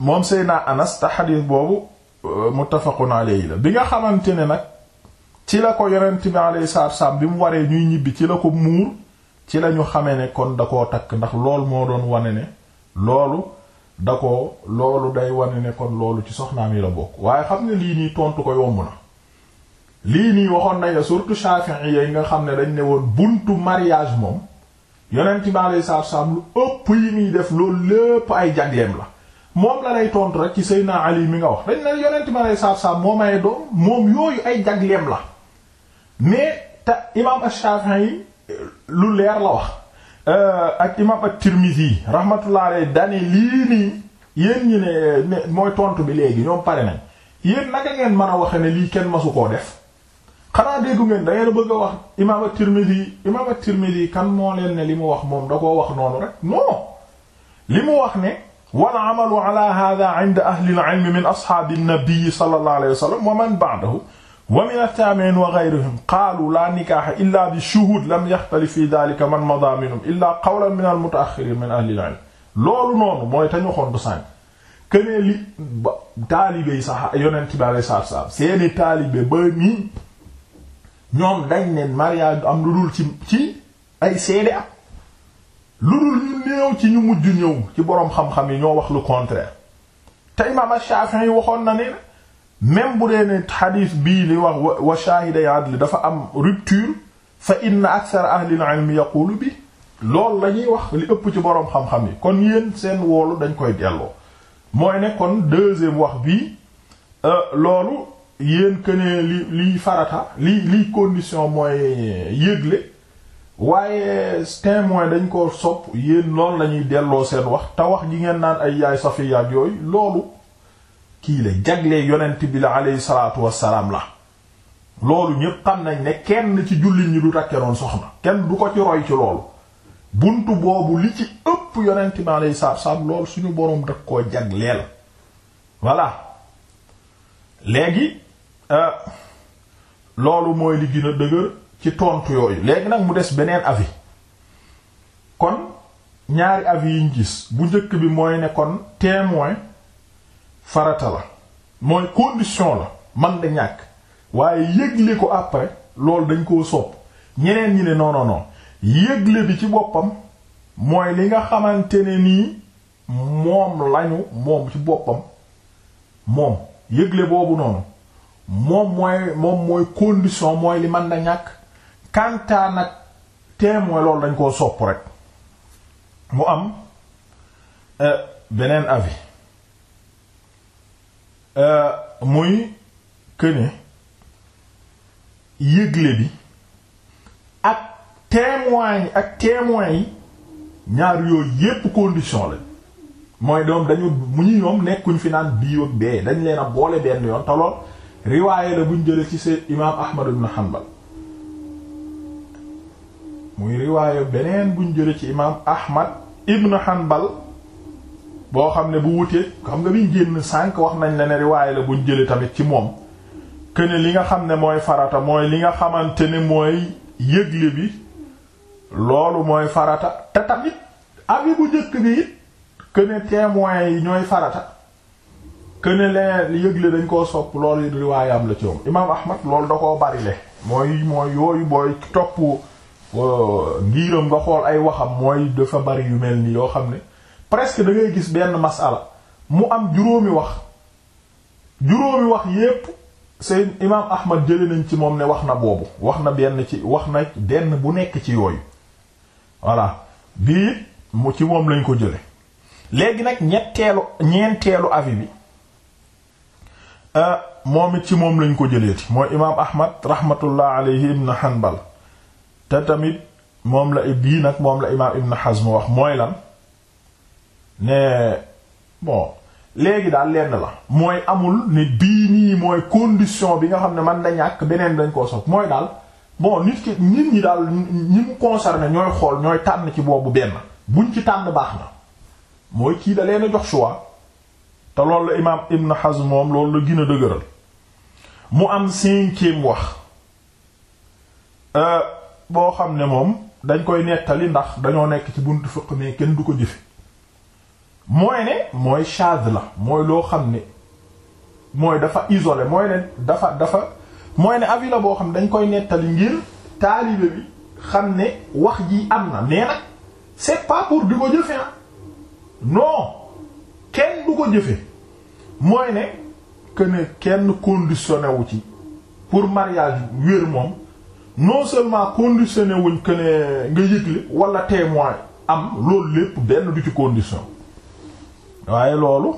moom Seydina Anas te xadiis boobu euh, muttafaqun alayhi la bi nga xamante ne nag ci la ko yonent bi alayhi salaatu wassalaam bi mu waree ñuy ñibbi ci la ko muur ci la ñu xamee ne kon da koo takk ndax lool moo doon wane ne loolu da ko loolu day wane ne kon loolu ci soxnaam yi la bokk waaye xam ne lii nii tontu koy yomb na lii nii waxoon nañ la surtout Shafi'i yi nga xam ne dañ ne woon buntu mariage moom yonent bi alayhi salaatu wassalaam lu ëpp yi muy def loolu lépp ay jagleem la moom la lay tontu rek ci naa Ali mi nga wax dañ ne yonent bi alayhi salaatu moo may doom moom yooyu ay jagleem la. mais te imaam Ash-Shafi'i lu leer la wax euh, ak imaam At-Tirmidhi rahmatullah alayhi dani lii nii yéen mooy tontu bi léegi ñoom pare nañ yéen naka ngeen mën a waxe ne lii kenn masu koo def xanaa déggu ngeen da ngeen bëgg a wax imaam At-Tirmidhi imaam At-Tirmidhi kan moo leen ne li mu wax moom da koo wax noonu rek non li mu wax ne wal amalu ala hadha inda ahli al-ilm min ashabi an-nabi sallallahu man ba'dahu wa min at-tabi'in wa ghayrihim qaalu laa nikaaha illaa bi shuhuud lam yaxtalif fi daalika man madaa minhum illaa qawlan min al min ahli al loolu noonu mooy tañu xoon du sànq keneen li ba taalibe sax seeni taalibe ba ñoom dañ ne mariage du am lu dul ci ci ay seede ak lu dul ñu néew ci ñu mujj ñëw ci boroom xam-xam yi ñoo wax lu contraire te imaam Shaafi'i waxoon na ne. même bu dee ne xadiis bii li wax wa shaahiday adl dafa am rupture fa inna akthar ahlil ilmi yaqulu bi loolu la ñuy wax li ëpp ci boroom xam-xam yi kon yéen seen woolu dañ koy delloo mooy ne kon deuxième wax bii euh, loolu yéen que li liy farata li liy condition mooy yëgle waaye témoin dañ ko sopp yéen loolu la ñuy delloo seen wax te wax ji ngeen naan ay yaay safiyaat yooyu loolu kii la jagle yonent bi la aleyhi salaatu wassalaam la loolu ñépp xam nañ ne kenn ci jullit ñi du takke noon soxna kenn du ko ci roy ci loolu buntu boobu li ci ëpp yonent bi aleyhi salaatu wassalaam loolu suñu boroom daf koo jagleel voilà léegi euh, loolu mooy li gën a dëgër ci tontu yooyu léegi nag mu des beneen avis kon ñaari avis yi gis bu njëkk bi mooy ne kon témoin farata la mooy condition la man da ñàkk waaye yëgle ko après loolu dañ koo sopp ñeneen ñi ne non non yëgle bi ci boppam mooy li nga xamante ne nii moom lañu moom ci boppam moom yëgle boobu noonu moom mooy moom mooy condition mooy li man da ñàkk kantaa nag tee mooy loolu dañ koo sopp rek mu am euh, beneen avis Euh, muy këne yëgle bi ak témoin yi ak témoin yi ñaar yooyu yépp condition la mooy doom dañu mu ñu ñoom nekkuñ fi naan bii ak dañ leen boole benn yoon te riwaaye la buñ jële ci seen imaam Ahmad ibn Hanbal muy riwaaye beneen buñ jële ci imaam Ahmad ibn Hanbal boo xam ne bu wutee xam nga biñ génn sànq wax nañ la ne riwaay la buñ jëlee tamit ci moom que ne li nga xam ne mooy farata mooy li nga xamante ne mooy yëgle bi loolu mooy farata te tamit abi bu njëkk bi it que ne témoins yi ñooy farata que ne leen yëgle dañ koo sopp loolu riwaayam la ci moom imaam Ahmad loolu da koo bari le mooy mooy yooyu booy topp euh, ngiiram nga xool ay waxam mooy dafa bari yu mel ni yoo xam ne. presque dangay gis benn masala mu am juróomi wax juróomi wax yépp seen imaam Ahmad jëli nañ ci moom ne wax na boobu wax na benn ci wax na benn bu nekk ci yooyu voilà bii ci moom lañ ko jëlee léegi nag ñetteelu ñeenteelu bi euh, moom it ci moom lañ ko jëleeti mooy imaam Ahmad rahmatullah alayhi ibn Hanbal te tamit moom la bii nag moom la imaam Ibn mu wax mooy lan ne bon léegi daal lenn la mooy amul ne bii nii mooy condition bi nga xam ne man da ñàkk beneen dañ koo sopp mooy daal bon nit ñi daal ñi mu concerné ñooy xool ñooy tànn ci boobu benn buñ ci tànn baax na mooy kii da leen a jox choix te loolu la imaam Ibn Hazm moom loolu la gën a dëgëral mu am cinquième wax euh, boo xam ne moom dañ koy nettali ndax dañoo nekk ci buntu fiqh mais kenn du ko jëfe mooy ne mooy shadh la mooy loo xam ne mooy dafa isole mooy ne dafa dafa mooy ne avis la boo xam ne dañ koy nettali ngir taalibe bi xam ne wax ji am na mais nag c'est pas pour di ko jëfe ah non kenn du ko jëfe mooy ne que ne kenn conditionné wu ci pour mariage wér moom non seulement conditionné wuñ que ne nga yëgle wala témoin am loolu lépp benn du ci condition waaye loolu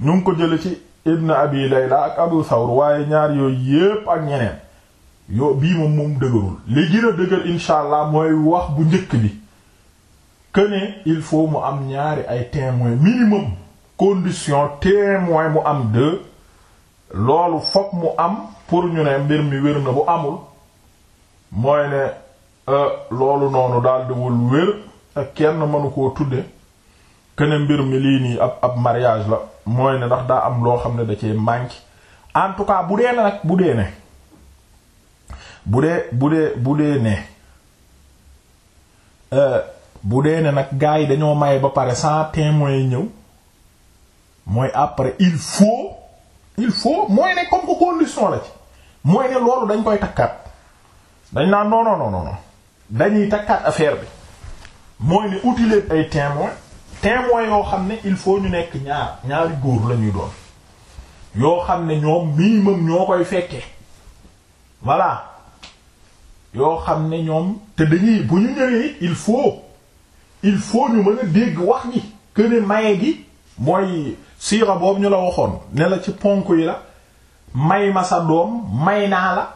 ñu ko jële ci ibn abi layla ak abu thawr waaye ñaar yooyu yépp ak ñeneen yo bii moom moom dëgërul li gën a dëgër insha allah mooy wax bu njëkk bi que ne il faut mu am ñaari ay témoins minimum condition témoin mu am deux loolu fokk mu am pour ñu ne mbir mi wér na bu amul mooy ne euh, loolu noonu daal di wul wér ak kenn mënu koo tudde ne mbir mi lii nii ab ab mariyage la mooy ne ndax daa am loo xam ne da cee manque en tout cas bu dee ne nag bu dee ne bu dee bu dee bu dee ne euh, bu dee ne nag gars yi dañoo maye ba pare sans témoin yi ñëw mooy après il faut il faut mooy ne comme condition la ci mooy ne loolu dañ koy takkaat dañ naan non non dañuy takkaat affaire bi mooy ne utile ay témoin témoins yoo xam ne il faut ñu nekk ñaar ñaari góor la ñuy doon yoo xam ne ñoom minimum ñoo koy fekke voilà yoo xam ne ñoom te dañuy bu ñu ñëwee il faut il faut ñu mën a dégg wax ji que ne maye gi mooy siira boobu ñu la waxoon ne la ci ponk yi la may ma sa doom may naa la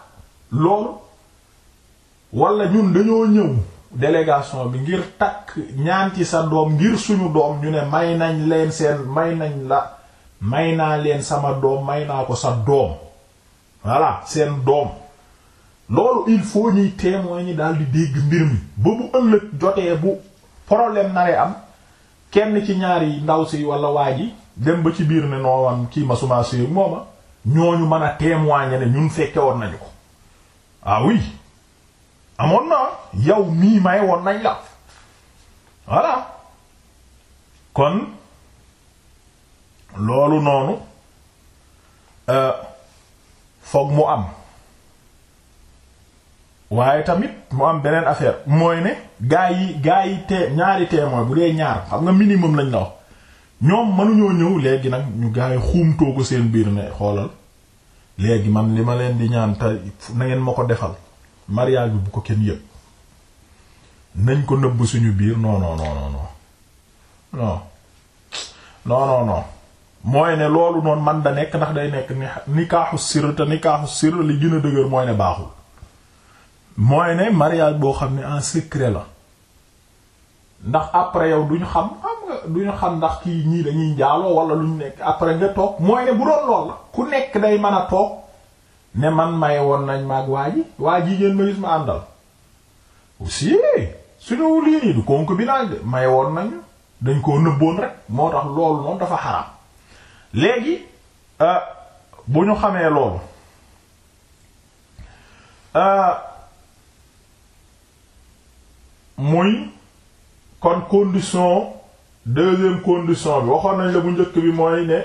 loolu wala ñun dañoo ñëw délégation bi ngir takk ñaan ci sa doom ngir suñu doom ñu ne may nañ leen seen may nañ la may naa leen sama doom may naa ko sa doom voilà seen doom loolu il faut ñuy témoin ñi daal di dégg mbir mi ba bu ëllëg jotee bu problème naree am kenn ci ñaar ndaw si wala waa ji dem ba ci biir ne noowam kii ma suma séy mooma ñooñu mën a témoigner ne ñun fekke woon nañu ko ah oui amoon na yow mii may woon nañ la voilà kon loolu noonu euh, foog mu am waaye tamit mu am beneen affaire mooy ne gaa yi gaa yi tee ñaari témoin bu dee ñaar xam nga minimum lañ la ñoom mënuñoo ñëw léegi nag ñu gaa yi xuumtoo ko seen biir ne xoolal léegi man li ma leen di ñaan te na ngeen ma ko defal mariage bi bu ko kenn yëg nañ ko nëbb suñu biir non non non non non non non mooy ne loolu noonu man da nekk ndax day nekk nikaaxu sirr te nikaaxu sirr li gën a dëgër mooy ne baaxul mooy ne mariage boo xam ne en secret la ndax après yow duñu xam am nga duñu xam ndax kii ñii dañuy njaaloo wala luñ nekk après nga toog mooy ne bu doon lool la ku nekk day mën a toog ne man may woon nañ maag waa ji waa ji ngeen ma gis ma àndal aussi suñu lii nii du konk bi naa may woon nañ dañ koo nëbboon rek moo tax loolu moom dafa xaram léegi euh, bu ñu xamee loolu euh, muy kon condition deuxième condition bi waxoon nañ la bu njëkk bi mooy ne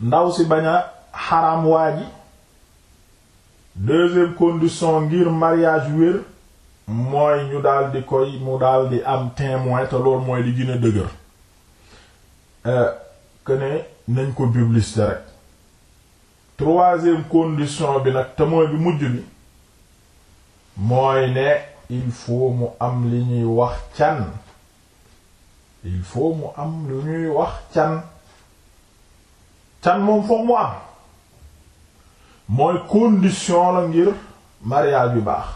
ndaw si bañ a xaram waa deuxième condition ngir mariage wér mooy ñu daldi koy mu daldi am témoin te loolu mooy li gën dëgër euh, que ne nañ ko publicité rek troisième condition bi nag te mooy bi mujj bi mooy ne il faut mu am li ñuy wax can il faut mu am lu ñuy wax can can moom foog mu am mooy condition la ngir mariage bi baax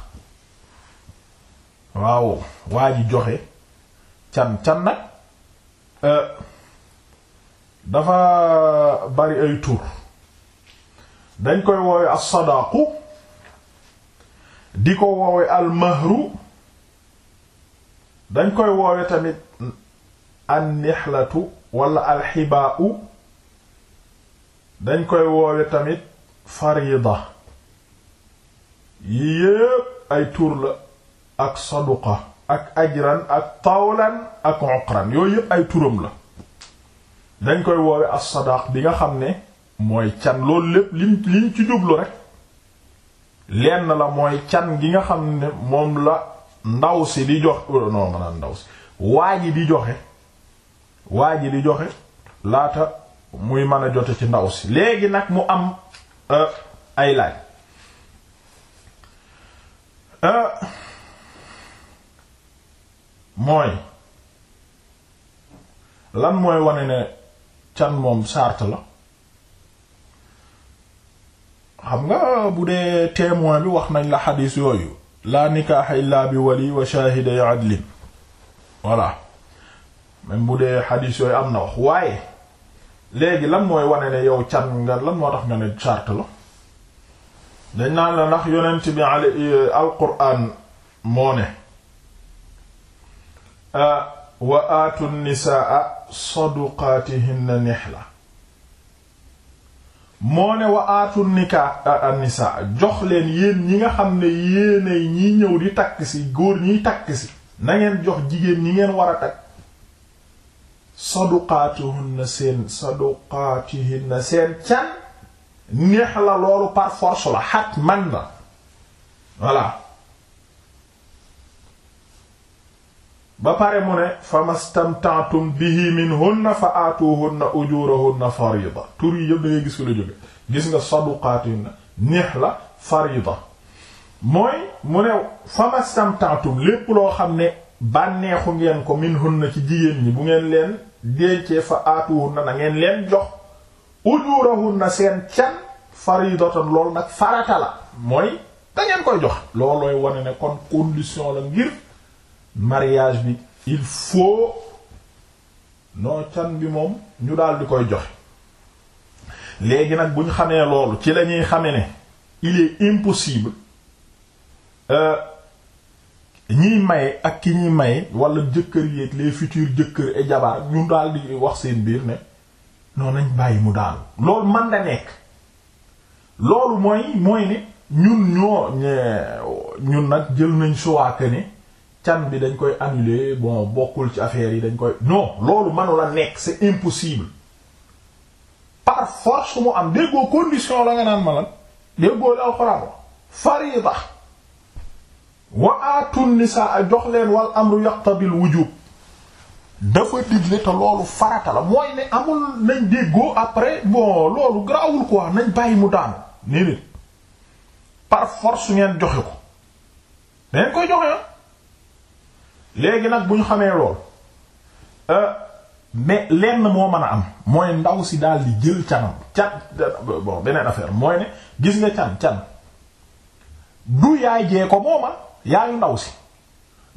waaw waa joxe can can nag euh, dafa bari ay tur dañ koy woowe as-sadaqu di ko woowe al-mahru dañ koy woowe tamit an-nihlatu wala al-hibaa'u dañ koy woowe tamit farida yi yépp ay tuur la ak saduqa ak ajran ak tawlan ak uqran yooyu yépp ay turam la dañ koy woowe as-sadaq bi nga xam ne mooy can loolu lépp lim liñ ci jublu rek lenn la mooy can gi nga xam ne moom la ndaw si li jox non maanaam ndaw si joxe waa ji di joxe laata muy mën a jote ci ndaw si léegi nag mu am ay laaj mooy lan mooy wane ne can moom sart la xam nga bu dee témoin bi wax nañ la xadiis yooyu laa nikaaxa illaa bi wali wa shaahiday adlin voilà même bu dee xadiis yooyu am na wax waaye léegi lan mooy wane ne yow can nga lan moo tax nga ne charte la dañ naan la ndax yonent bi al euh, alquran moo ne wa aatu nisaa saduqaatihinna nisaa jox leen yéen ñi nga xam ne yéenay ñi ñëw di takk si góor ñi takk si na ngeen jox jigéen ñi ngeen war a takk saduqaatihunna seen saduqaatihinna seen can neex loolu par force la xat man la voilà ba pare mu ne fa mastamtaatum bihi minhunna fa aatuhunna ujurahunna farida tur yëpp da gis ko la jóge gis nga saduqaatihunna neex la farida mooy mu ne fa mastamtaatum lépp loo xam ne bànneexu ngeen ko minhunna ci jigéen ñi bu ngeen leen dencee fa aatuwun na na ngeen leen jox ujurahun na seen can faridatan loolu nag farata la mooy da koy jox loolooy wone ne kon condition la ngir mariyage bi il faut noo can bi moom ñu daal di koy joxe léegi nag buñ xamee loolu ci lañuy xame ne il est impossible euh, ñiy may ak ki ñuy may wala jëkkër yeeg les futurs jëkkër et jabar ñun daal di wax seen biir ne noonu nañ bàyyi mu daal loolu man da nekk loolu mooy mooy ne ñun ñoo ñun nag jël nañ suwaake ne can bi dañ koy annuler bon bokkul ci affaire yi dañ koy non loolu manula nekk c'est impossible par force mu am déggoo condition la nga naan ma lan déggoo alxuraan farida wa aatu nisaa jox leen wal amru yaqtabil wujub dafa digle te loolu farata la mooy ne amul nañ déggoo après bon loolu garaawul quoi nañ bàyyi mu daanu nii par force ngeen joxe ko dañ koy joxe ah. léegi nag bu ñu xamee lool euh, mais na moo mën a am mooy ndaw si daal di jël canam can bon beneen affaire mooy ne gis nga can can du yaay jee ko mooma yaayu ndaw si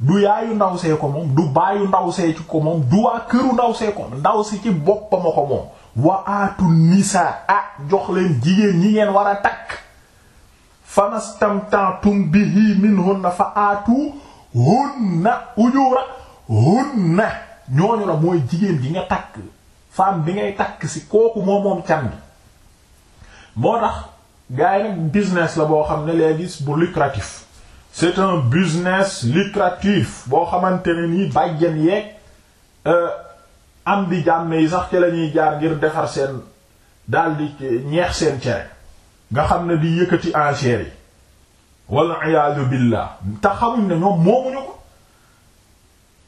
du yaayu ndaw see ko moom du baayu ndaw see ko moom du waa këru ndaw see ko moom ndaw si ci boppama ko moom wa aatu nisaa ah jox leen jigéen ñi ngeen war a takk fanastamta'tum bihi minhunna fa aatu hunna ujura mooy jigéen gi nga takk femme bi ngay takk si kooku moom moom can bi moo tax gars yi nag business la boo xam ne léegi bu lucratif c'est un business lucratif boo xamante ne nii bàjjen yee euh, am di jàmme yi sax ci la ñuy jaar ngir defar seen dal di ñeex seen cere nga xam ne di yëkkati enchères yi wala iyaadu billah te xamuñ ne ñoom moomuñu ko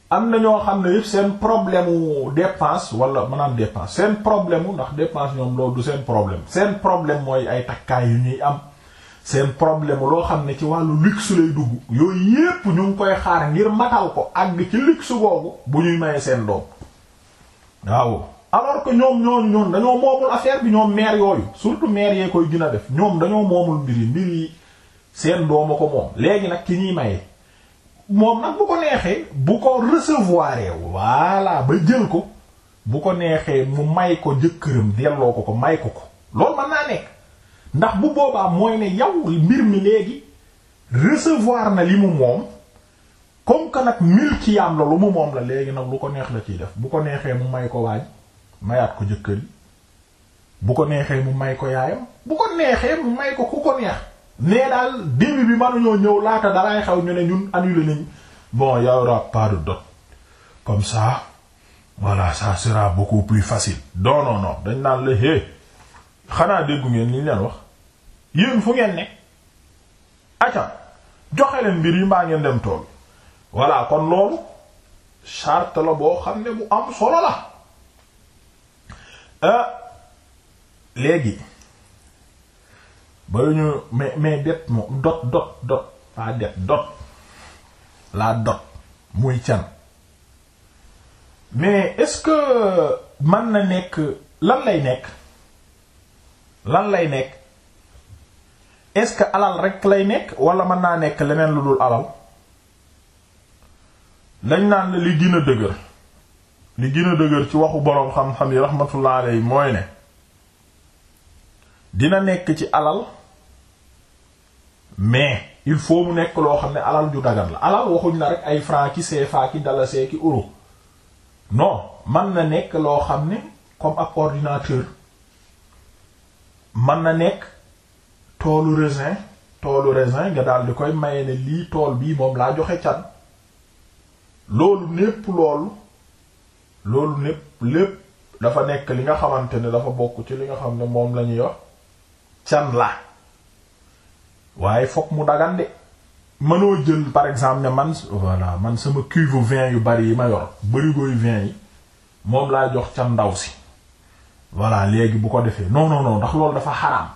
am na ñoo xam ne yëpp seen problème wu dépense wala maanaam dépense seen problème ndax dépense ñoom loolu du seen problème seen problème mooy ay takkaay yu ñuy am seen problème loo xam ne ci wàllu luxe lay dugg yooyu yépp ñu koy xaar ngir matal ko àgg ci luxe boobu bu ñuy maye seen doom waaw alors que ñoom ñoon ñoon dañoo moomul affaire bi ñoom mère yooyu surtout mère yee koy gën a def ñoom dañoo moomul mbir yi mbir seen doom a ko moom léegi nag ki ñuy maye moom nag bu ko neexee bu ko recevoir voilà ba jël ko bu ko neexee mu may ko jëkkëram delloo ko ko may ko ko loolu mën naa nekk ndax bu boobaa mooy ne yow mbir mi léegi recevoir na li mu moom comme que nag milkiyaam la lu mu moom la léegi nag lu ko neex la ciy def bu ko neexee mu may ko waaj mayaat ko jëkkër bu ko neexee mu may ko yaayam bu ko neexee mu may ko ku ko neex nee daal début bi mënuñoo ñëw laata daraay xaw ñu ne ñun annulé nañ bon y aura pas de dot comme ça voilà ça sera beaucoup plus facile non dañ naan la hé xanaa déggu ngeen li ñu leen wax yéen fu ngeen ne acam joxe leen mbir yi mbaa ngeen dem tool voilà kon loolu charte la boo xam ne bu am solo la euh, léegi ba ñu mais mais det moom dot dot dot pas det dot la dot muy can mais est-ce que mën na nekk lan lay nekk lan lay nekk est-ce que alal rek lay nekk wala mën naa nekk leneen lu dul alal dañ naan la li gën a dëgër li gën dëgër ci waxu boroom xam-xam yi rahmatullah yi mooy ne dina nekk ci alal mais il faut mu nekk loo xam ne alal ju dagan la alal waxuñ la rek ay franc ki CFA ki dalasi ki euro non man na nekk loo xam ne comme ab ordinateur man na nekk toolu raisin toolu raisin nga daal di koy maye ne lii tool bii moom laa joxe can loolu népp loolu loolu népp lépp dafa nekk li nga xamante ne dafa bokk ci li nga xam ne moom la ñuy wax can la waaye fokk mu dagan de mënoo jël par exemple ne man voilà man sama cuve vin yu bari yi ma yor barigoy vin yi moom laa jox can ndaw si voilà léegi bu ko defee non non non ndax loolu dafa xaraam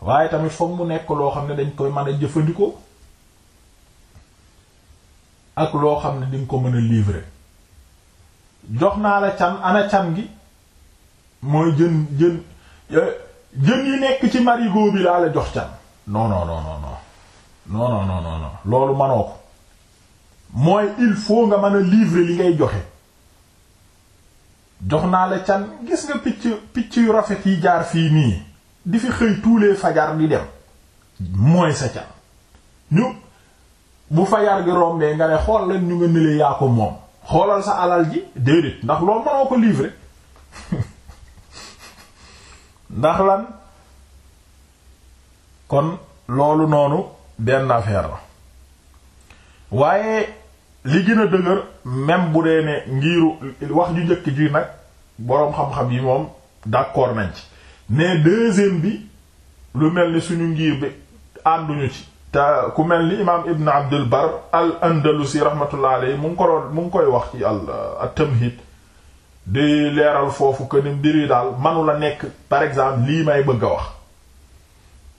waaye tamit foog mu nekk loo xam ne dañ koy mën a jëfandikoo ak loo xam ne dinga ko mën a livrer jox naa la can ana can gi mooy jën jën eh, jën yi nekk ci marigot bi laa la jox can non non non non non loolu manoo ko mooy il faut nga mën a livrer li ngay joxe jox naa la can gis nga picc picc yu rafet yi jaar fii nii di fi xëy tuulee fajar di dem mooy sa can ñu bu fajar gi rombee nga ne xool leen ñu nga nële yaa ko moom xoolal sa alal ji déedéet ndax loolu mënoo ko livrer ndax lan kon loolu noonu benn affaire la waaye li gën dëgër même bu dee ne ngiiru wax ju njëkk ji nag boroom xam-xam yi moom d'accord nañ ci mais deuxième bi lu mel ni suñu ngiir bi ànduñu ci te ku mel ni imaam ibn abdul bar al andalusi rahmatullah alayhi mu ko doon mu koy wax ci al tamhid di leeral foofu que ni mbir yi daal manu nekk par exemple lii may bëgg a wax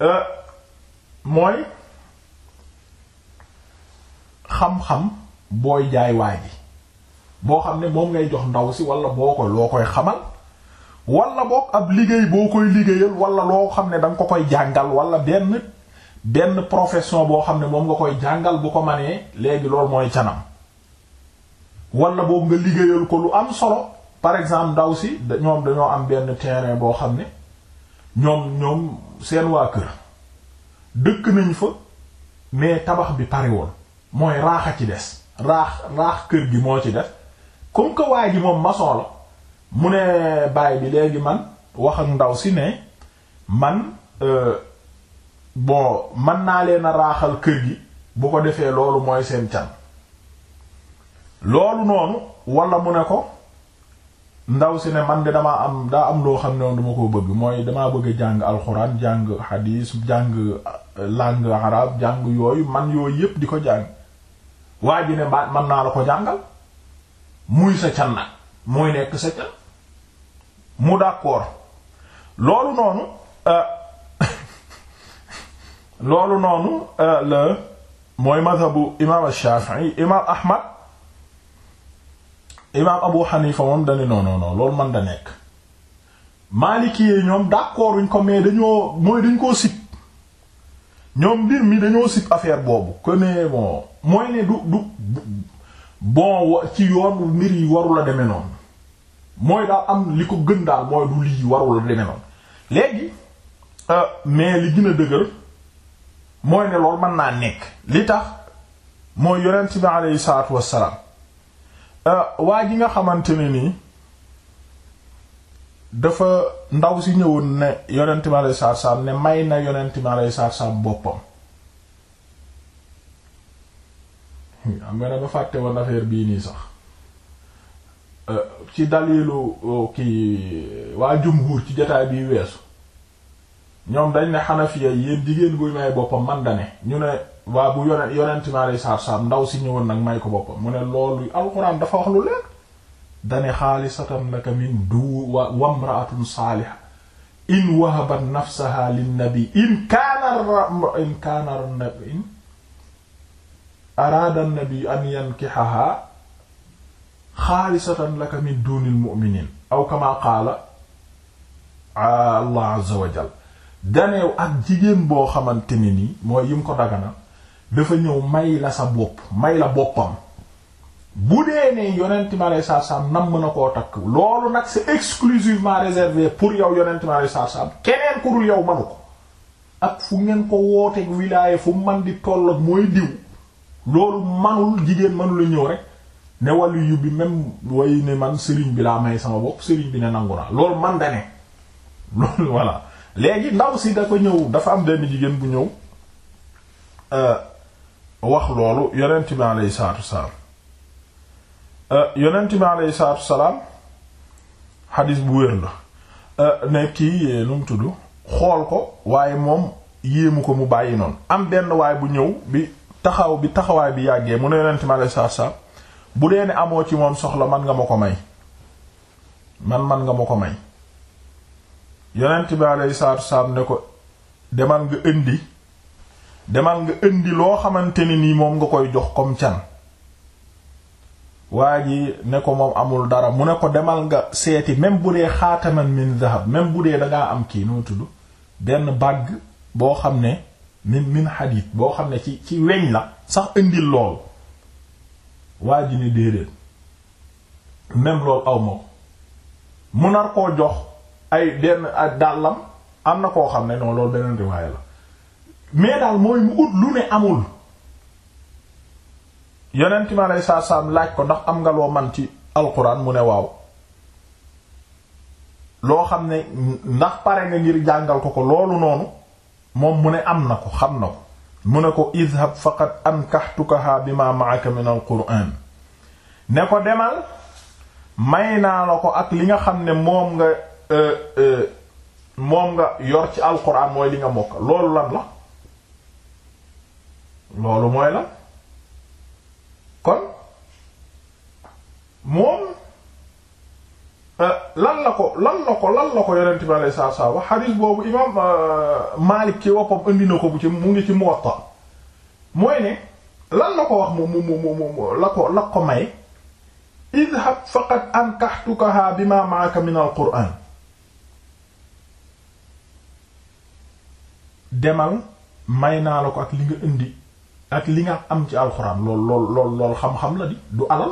euh, mooy xam-xam booy jaay waa ji boo xam ne moom ngay jox ndaw si wala boo ko loo koy xamal wala boog ab liggéey boo koy liggéeyal wala loo xam ne da ko koy jàngal wala benn benn profession boo xam ne moom nga koy jàngal bu ko manee léegi loolu mooy canam wala boog nga liggéeyal ko lu am solo par exemple ndaw si ñoom dañoo am benn terrain boo xam ne ñoom ñoom seen waa kër dëkk nañ fa mais tabax bi pare woon mooy raax a ci des raax raax kër gi moo ci def comme que waa ji moom maçon la mu ne baay bi léegi man wax ak ndaw si ne man euh, bon man naa leen a raaxal kër gi bu ko defee loolu mooy seen can loolu noonu wala mu ne ko ndaw si ne man de damaa am daa am loo xam ne woon dama ko bëgg mooy damaa bëgg jàng alxuraan jàng xadiis jàng euh, langue arabe jàng yooyu man yooyu yépp di ko jàng waa ji ne man naa la ko jàngal muy sa can nag mooy nekk sa can mu d'accord loolu noonu euh, loolu noonu euh, la mooy madhabu imaam Shafi'i imaam Ahmad imaam Abu Hanifa moom dañu non non loolu man da nekk Maliki yee ñoom d'accorduñ ko mais dañoo mooy dañ koo sit ñoom mbir mi dañoo sib affaire boobu que ne bon mooy ne du du bon ci yoon mbir yi warul a demee noonu mooy daal am li ko gën daal mooy du lii warul a noonu léegi euh, mais li gën a dëgër mooy ne loolu mën naa nekk li tax mooy yonent bi aleyhi salaatu wassalaam euh, waa ji nga xamante ne nii dafa ndaw si ñëwoon ne yonent mi alayhi salaatu ne may na yonent mi alayhi salaatu boppam am nga ne ba fàtte woon affaire bii nii sax euh, ci dalilu euh, kii waa jumhur ci jotaay bii weesu ñoom dañ ne xanafiya yéen jigéen guy may boppam man da ne ñu ne waa bu yonent yonent mi alayhi salaatu ndaw si ñëwoon nag may ko boppam mu ne loolu alxuraan dafa wax lu leer dane xaalisatan laka min du wamraatun saaliha in wahabat nafsaha linnabi in kaana in kaana nabi in araada nabi an yankihaha xaalisatan laka min duni lmuminin aw kama qaala allah azza wa jal daneew ak jigéen boo xamante ne nii mooy yim ko dagana dafa ñëw may la sa bopp may la boppam bu dee ne yonent mi alayhi salaatu salaam nam mën a koo takk loolu nag c'est exclusivement réservé pour yow yonent mi alayhi salaatu salaam yow ko ak fu ngeen ko wooteeg wilaaye fu man di toll ak mooy diw loolu manul jigéen manula ñëw rek ne wàllu yu bi même way ne man sëriñ bi laa may sama bopp sëriñ bi ne loolu man da ne loolu léegi ndaw si da ñëw dafa am benn jigéen bu ñëw euh, wax loolu yonent mi alayhi salaatu Euh, yonent bi aleyhi salaatu salaam xadiis bu wér la euh, ne kii lu euh, mu tudd xool ko waaye moom yéemu ko mu bàyyi noonu am benn waay bu ñëw bi taxaw bi taxawaay bi yàggee mu ne yonent bi aleyhi salaatu salaam bu dee ne amoo ci moom soxla man nga ma ko may man man nga ma ko may yonent bi aleyhi salaatu salaam ne ko demal nga indi demal nga indi loo xamante ni nii moom nga koy jox comme can waa ji ne ko moom amul dara mu ne ko demal nga seeti même bu dee xaataman min zahab même bu dee dangaa am kii noo tudd benn bàgg boo xam ne min min hadith boo xam ne ci ci weñ la sax indil lool waa ji ne déedéet même loolu aw ma ko mu nar koo jox ay benn dàllam am na koo xam ne noonu loolu beneen riwaay la mais daal mooy mu ut lu ne amul yonent mi aleyhi salaatu laaj ko ndax am nga loo man ci alquran mu ne waaw loo xam ne ndax pare nga ngir jàngal ko ko loolu noonu moom mu ne am na ko xam na ko mu ne ko idhab faqad ankaxtukaha bima ma'aka min alquran ne ko demal may naa la ko ak li nga xam ne moom nga euh, euh, moom nga yor ci alquran mooy li nga mokk loolu lan la loolu mooy la kon moom euh, lan la ko lan la ko lan la ko yonent bi alayhi salaatu salaam xadiis boobu imaam euh, Maalik ci woppam indi na ko bu ci mu ngi ci Muwatta mooy ne lan la ko wax mu mu mu mu la ko la ko may idhab faqad ankaxtukaha bima maaka min al quraan demal may naa la ko ak li nga indi ak li nga am ci alxuraan lool lool lool lool xam-xam la di du alal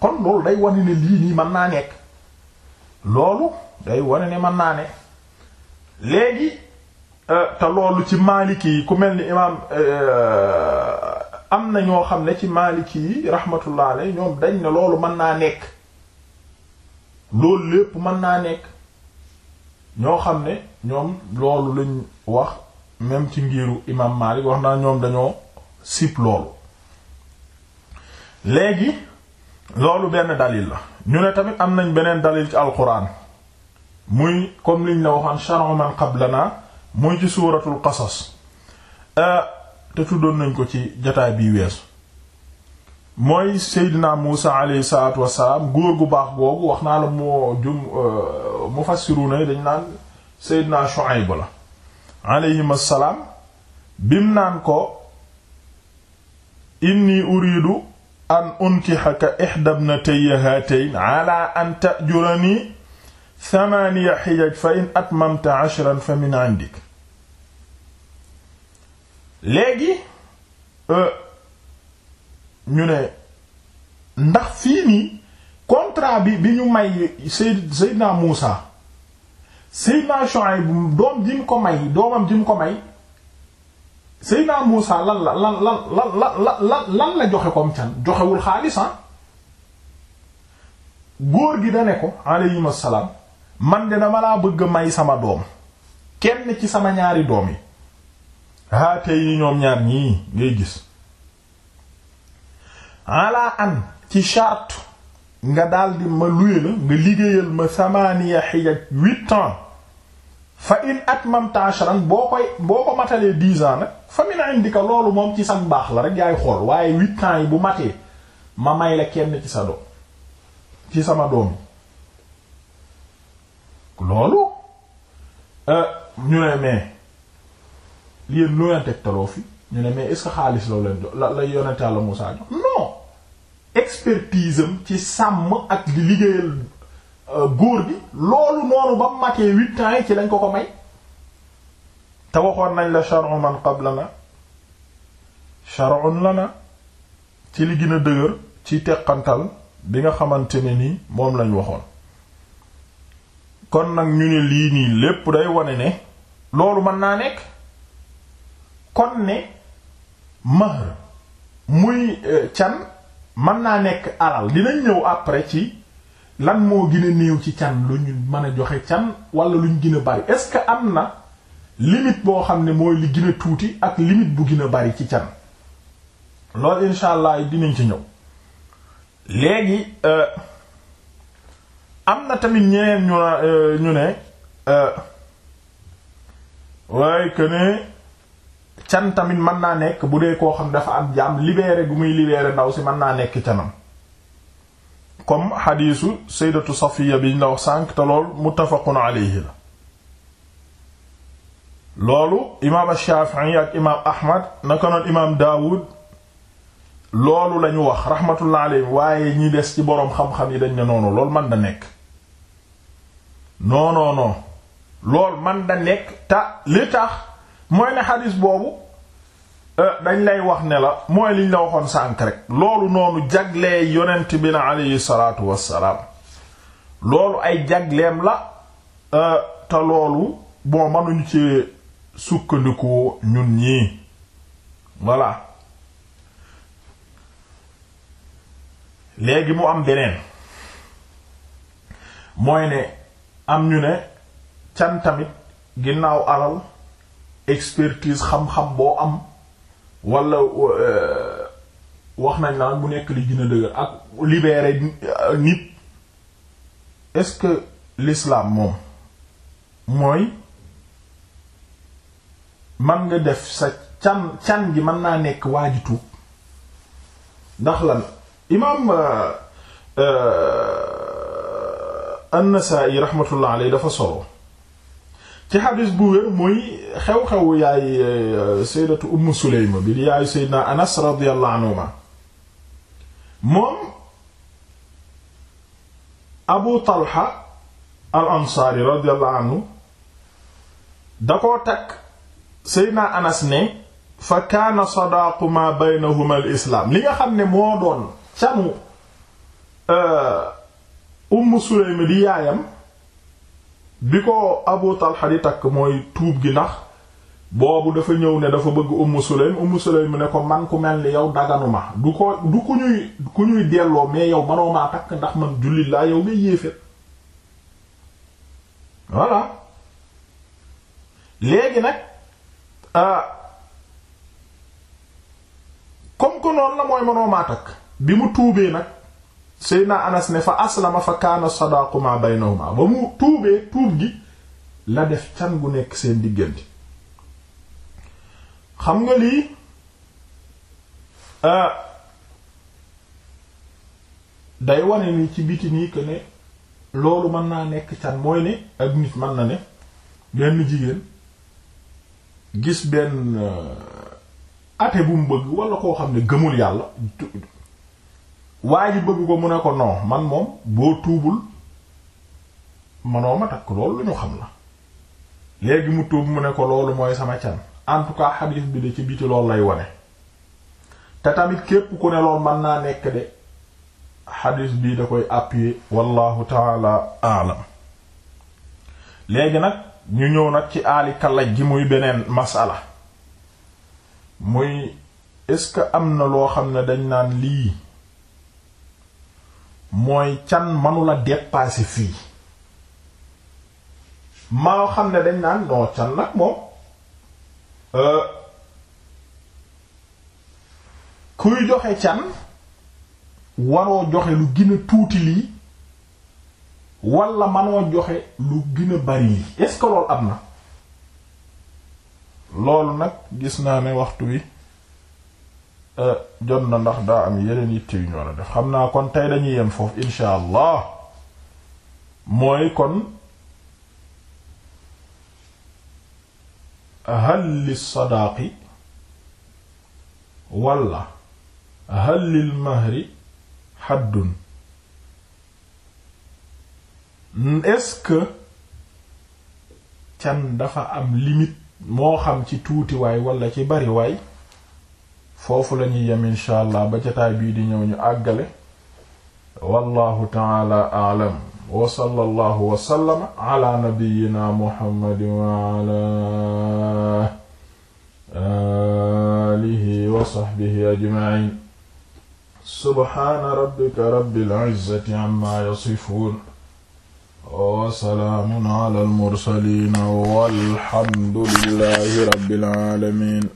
kon loolu day wane ne lii nii mën naa nekk loolu day wane ne mën naa ne léegi euh, te loolu ci maaliki yi ku mel ni imaam euh, am na ñoo xam ne ci maaliki yi rahmatullah alayhi ñoom dañ ne loolu mën naa nekk loolu lépp mën naa nekk ñoo xam ne ñoom loolu lañ wax même ci ngiru imam Malik wax naa ñoom dañoo sip loolu léegi loolu benn dalil la ñu ne tamit am nañ beneen dalil ci alquran muy comme liñ la waxoon shar'u man qablana muy ci suuratul qasas euh, te tuddoon nañ ko ci jataay bii weesu mooy Seydina Muusa alayhi salaatu wassalaam góor gu baax googu wax naa la moo jum euh, mufassiruna dañ naan Seydina Shuayb la alayhim assalaam bim naan ko inni uridu an unkihaka ihda ibnatayya haatayn ala an ta'jurani thamaaniya hijaj fa in atmamta ashran fa min indik léegi euh, ñu ne ndax fii nii contrat bi bi ñu may Seydina Muusa Seydina Shuayb doom ji mu ko may doomam ji mu ko may Seydina Muusa lan la lan lan lan la joxe comme can joxewul xaalis ah góor gi da ne ko alayhima salaam man de dama laa bëgg a may sama doom kenn ci sama ñaari doom yi haate yi ñoom ñaar ñii ngay gis ala an ci charte nga di ma luye la nga liggéeyal ma samaniya xijaj huit ans fa in atmamta ashran boo koy boo ko matalee dix ans nag fa min indika loolu moom ci sax baax la rek yaay xool waaye huit ans yi bu matee ma may la kenn ci sa doom ci sama doom loolu euh, ñu ne mais yéen lu ngeen tegtaloo ñu ne mais est-ce que la la la yonent Yàlla Musaa expertise ci sàmm ak di liggéeyal euh, góor bi loolu noonu ba matee huit ci lañ ko ko may te waxoon nañ la shar'u man qablana shar'un lana ci li gën dëgër ci teqantal bi nga xamante ne ni moom lañ waxoon kon nag ñu ne lii nii lépp day wone ne loolu mën naa nekk kon ne mahr muy euh, can mën naa nekk alal dinañ ñëw après ci lan moo gën a néew ci can lu ñu mën a joxe can wala lu ñu gën a bari est-ce que am na limite boo xam ne mooy li gën tuuti ak limite bu gën a bari ci can loolu incha allah dinañ ci ñëw léegi euh, am na tamit ñeen ñu euh, ñu ne euh, waaye que can tamit mën naa nekk bu dee koo xam dafa am jaam libéré gu muy libéré ndaw si mën naa nekk canam comme xadiisu saydatu safiya biñ la wax sànq te lool muttafaqun alayhi la loolu imaam Shaafi'i ak imaam Ahmad naka noon imaam Daawud loolu lañu wax rahmatullah alayhi waaye ñi des ci boroom xam-xam yi dañ ne noonu lool man da nekk non non man da nekk ta li tax mooy ne xadis boobu euh, dañ lay wax ne la mooy liñ la waxoon sànk rek loolu noonu jaglee yonent bi na aleyhi salaatu loolu ay jagleem la euh, te loolu boo mënuñ ci sukkandikoo ñun ñii voilà léegi mu am beneen mooy ne am ñu ne can tamit ginnaaw alal expertise xam-xam boo am wala euh, wax nañ la bu nekk li gën a dëgër ak libérer nit est-ce que l'islam moom mooy man nga def sa can can gi mën naa nekk waaji tuub ndax lan imaam euh, euh, An-Nasa'i rahmatullah alayhi dafa solo ci xadis bu wér muy xew yay yaay euh, saydatu umm suleyma bi di yaayu saydna anas radiyallahu anhuma moom abu talha al ansaari radiyallahu anhu da koo anas ne fa kaana sadaaqu ma baynahuma al li nga xam ne moo doon canu euh, umm suleyma di yaayam bi ko Abu Talha takk mooy tuub gi ndax boobu dafa ñëw ne dafa bëgg Umm Sulaym Umm Sulaym ne ko man ku mel ni yow daganuma du ko du ku ñuy ku ñuy delloo mais yow manoo maa takk ndax man jullit laa yow ngay yéeféer voilà léegi nag euh, comme que noonu la mooy manoo maa takk bi mu tuubee nag Seydina Anas ne fa aslama fa kaana sadaqu ma baynahuma ba mu tuubee tuub gi la def can gu nekk seen diggante xam nga lii euh, day wane ni ci biti ne loolu mën naa nekk can mooy ne ak nit mën na ne benn jigéen gis benn euh, ate bu mu bëgg wala koo xam ne gëmul yàlla waa ji bëgg ko mu ne ko non man moom boo tuubul manoo ma takk loolu lu ñu xam la léegi mu tuub mu ne ko loolu mooy sama can en tout cas xadiis bi de ci biti loolu lay wone te képp ku ne loolu mën naa nekk bii da koy appuyer wallahu taala alam léegi nag ñu ñëw nag ci aali kalaj gi muy beneen masala muy est-ce que am na loo xam ne dañ naan lii mooy can manula dépasser fii maa xam ne dañ naan noo can nag moom euh, kuy joxe can waroo joxe lu gën a tuuti lii wala manoo joxe lu gën a bari lii est am na loolu nag gis naa ne waxtu wi Euh, jot na ndax daa am yeneen yitte yu ñu war def xam naa kon tey dañuy yem foofu insha mooy kon hal li sadaaqi walla hal lil mahri xaddun est can dafa am limite moo xam ci tuuti waay walla ci bari waay foofu la ñuy yem allah ba jotaay bii di ñëw ñu taala aalam wa sallallahu ala nabiyyina muhammad wa ala alihi wa sahbihi ajma'in subhana rabbika rabbil izzati amma yasifun wa salaamun ala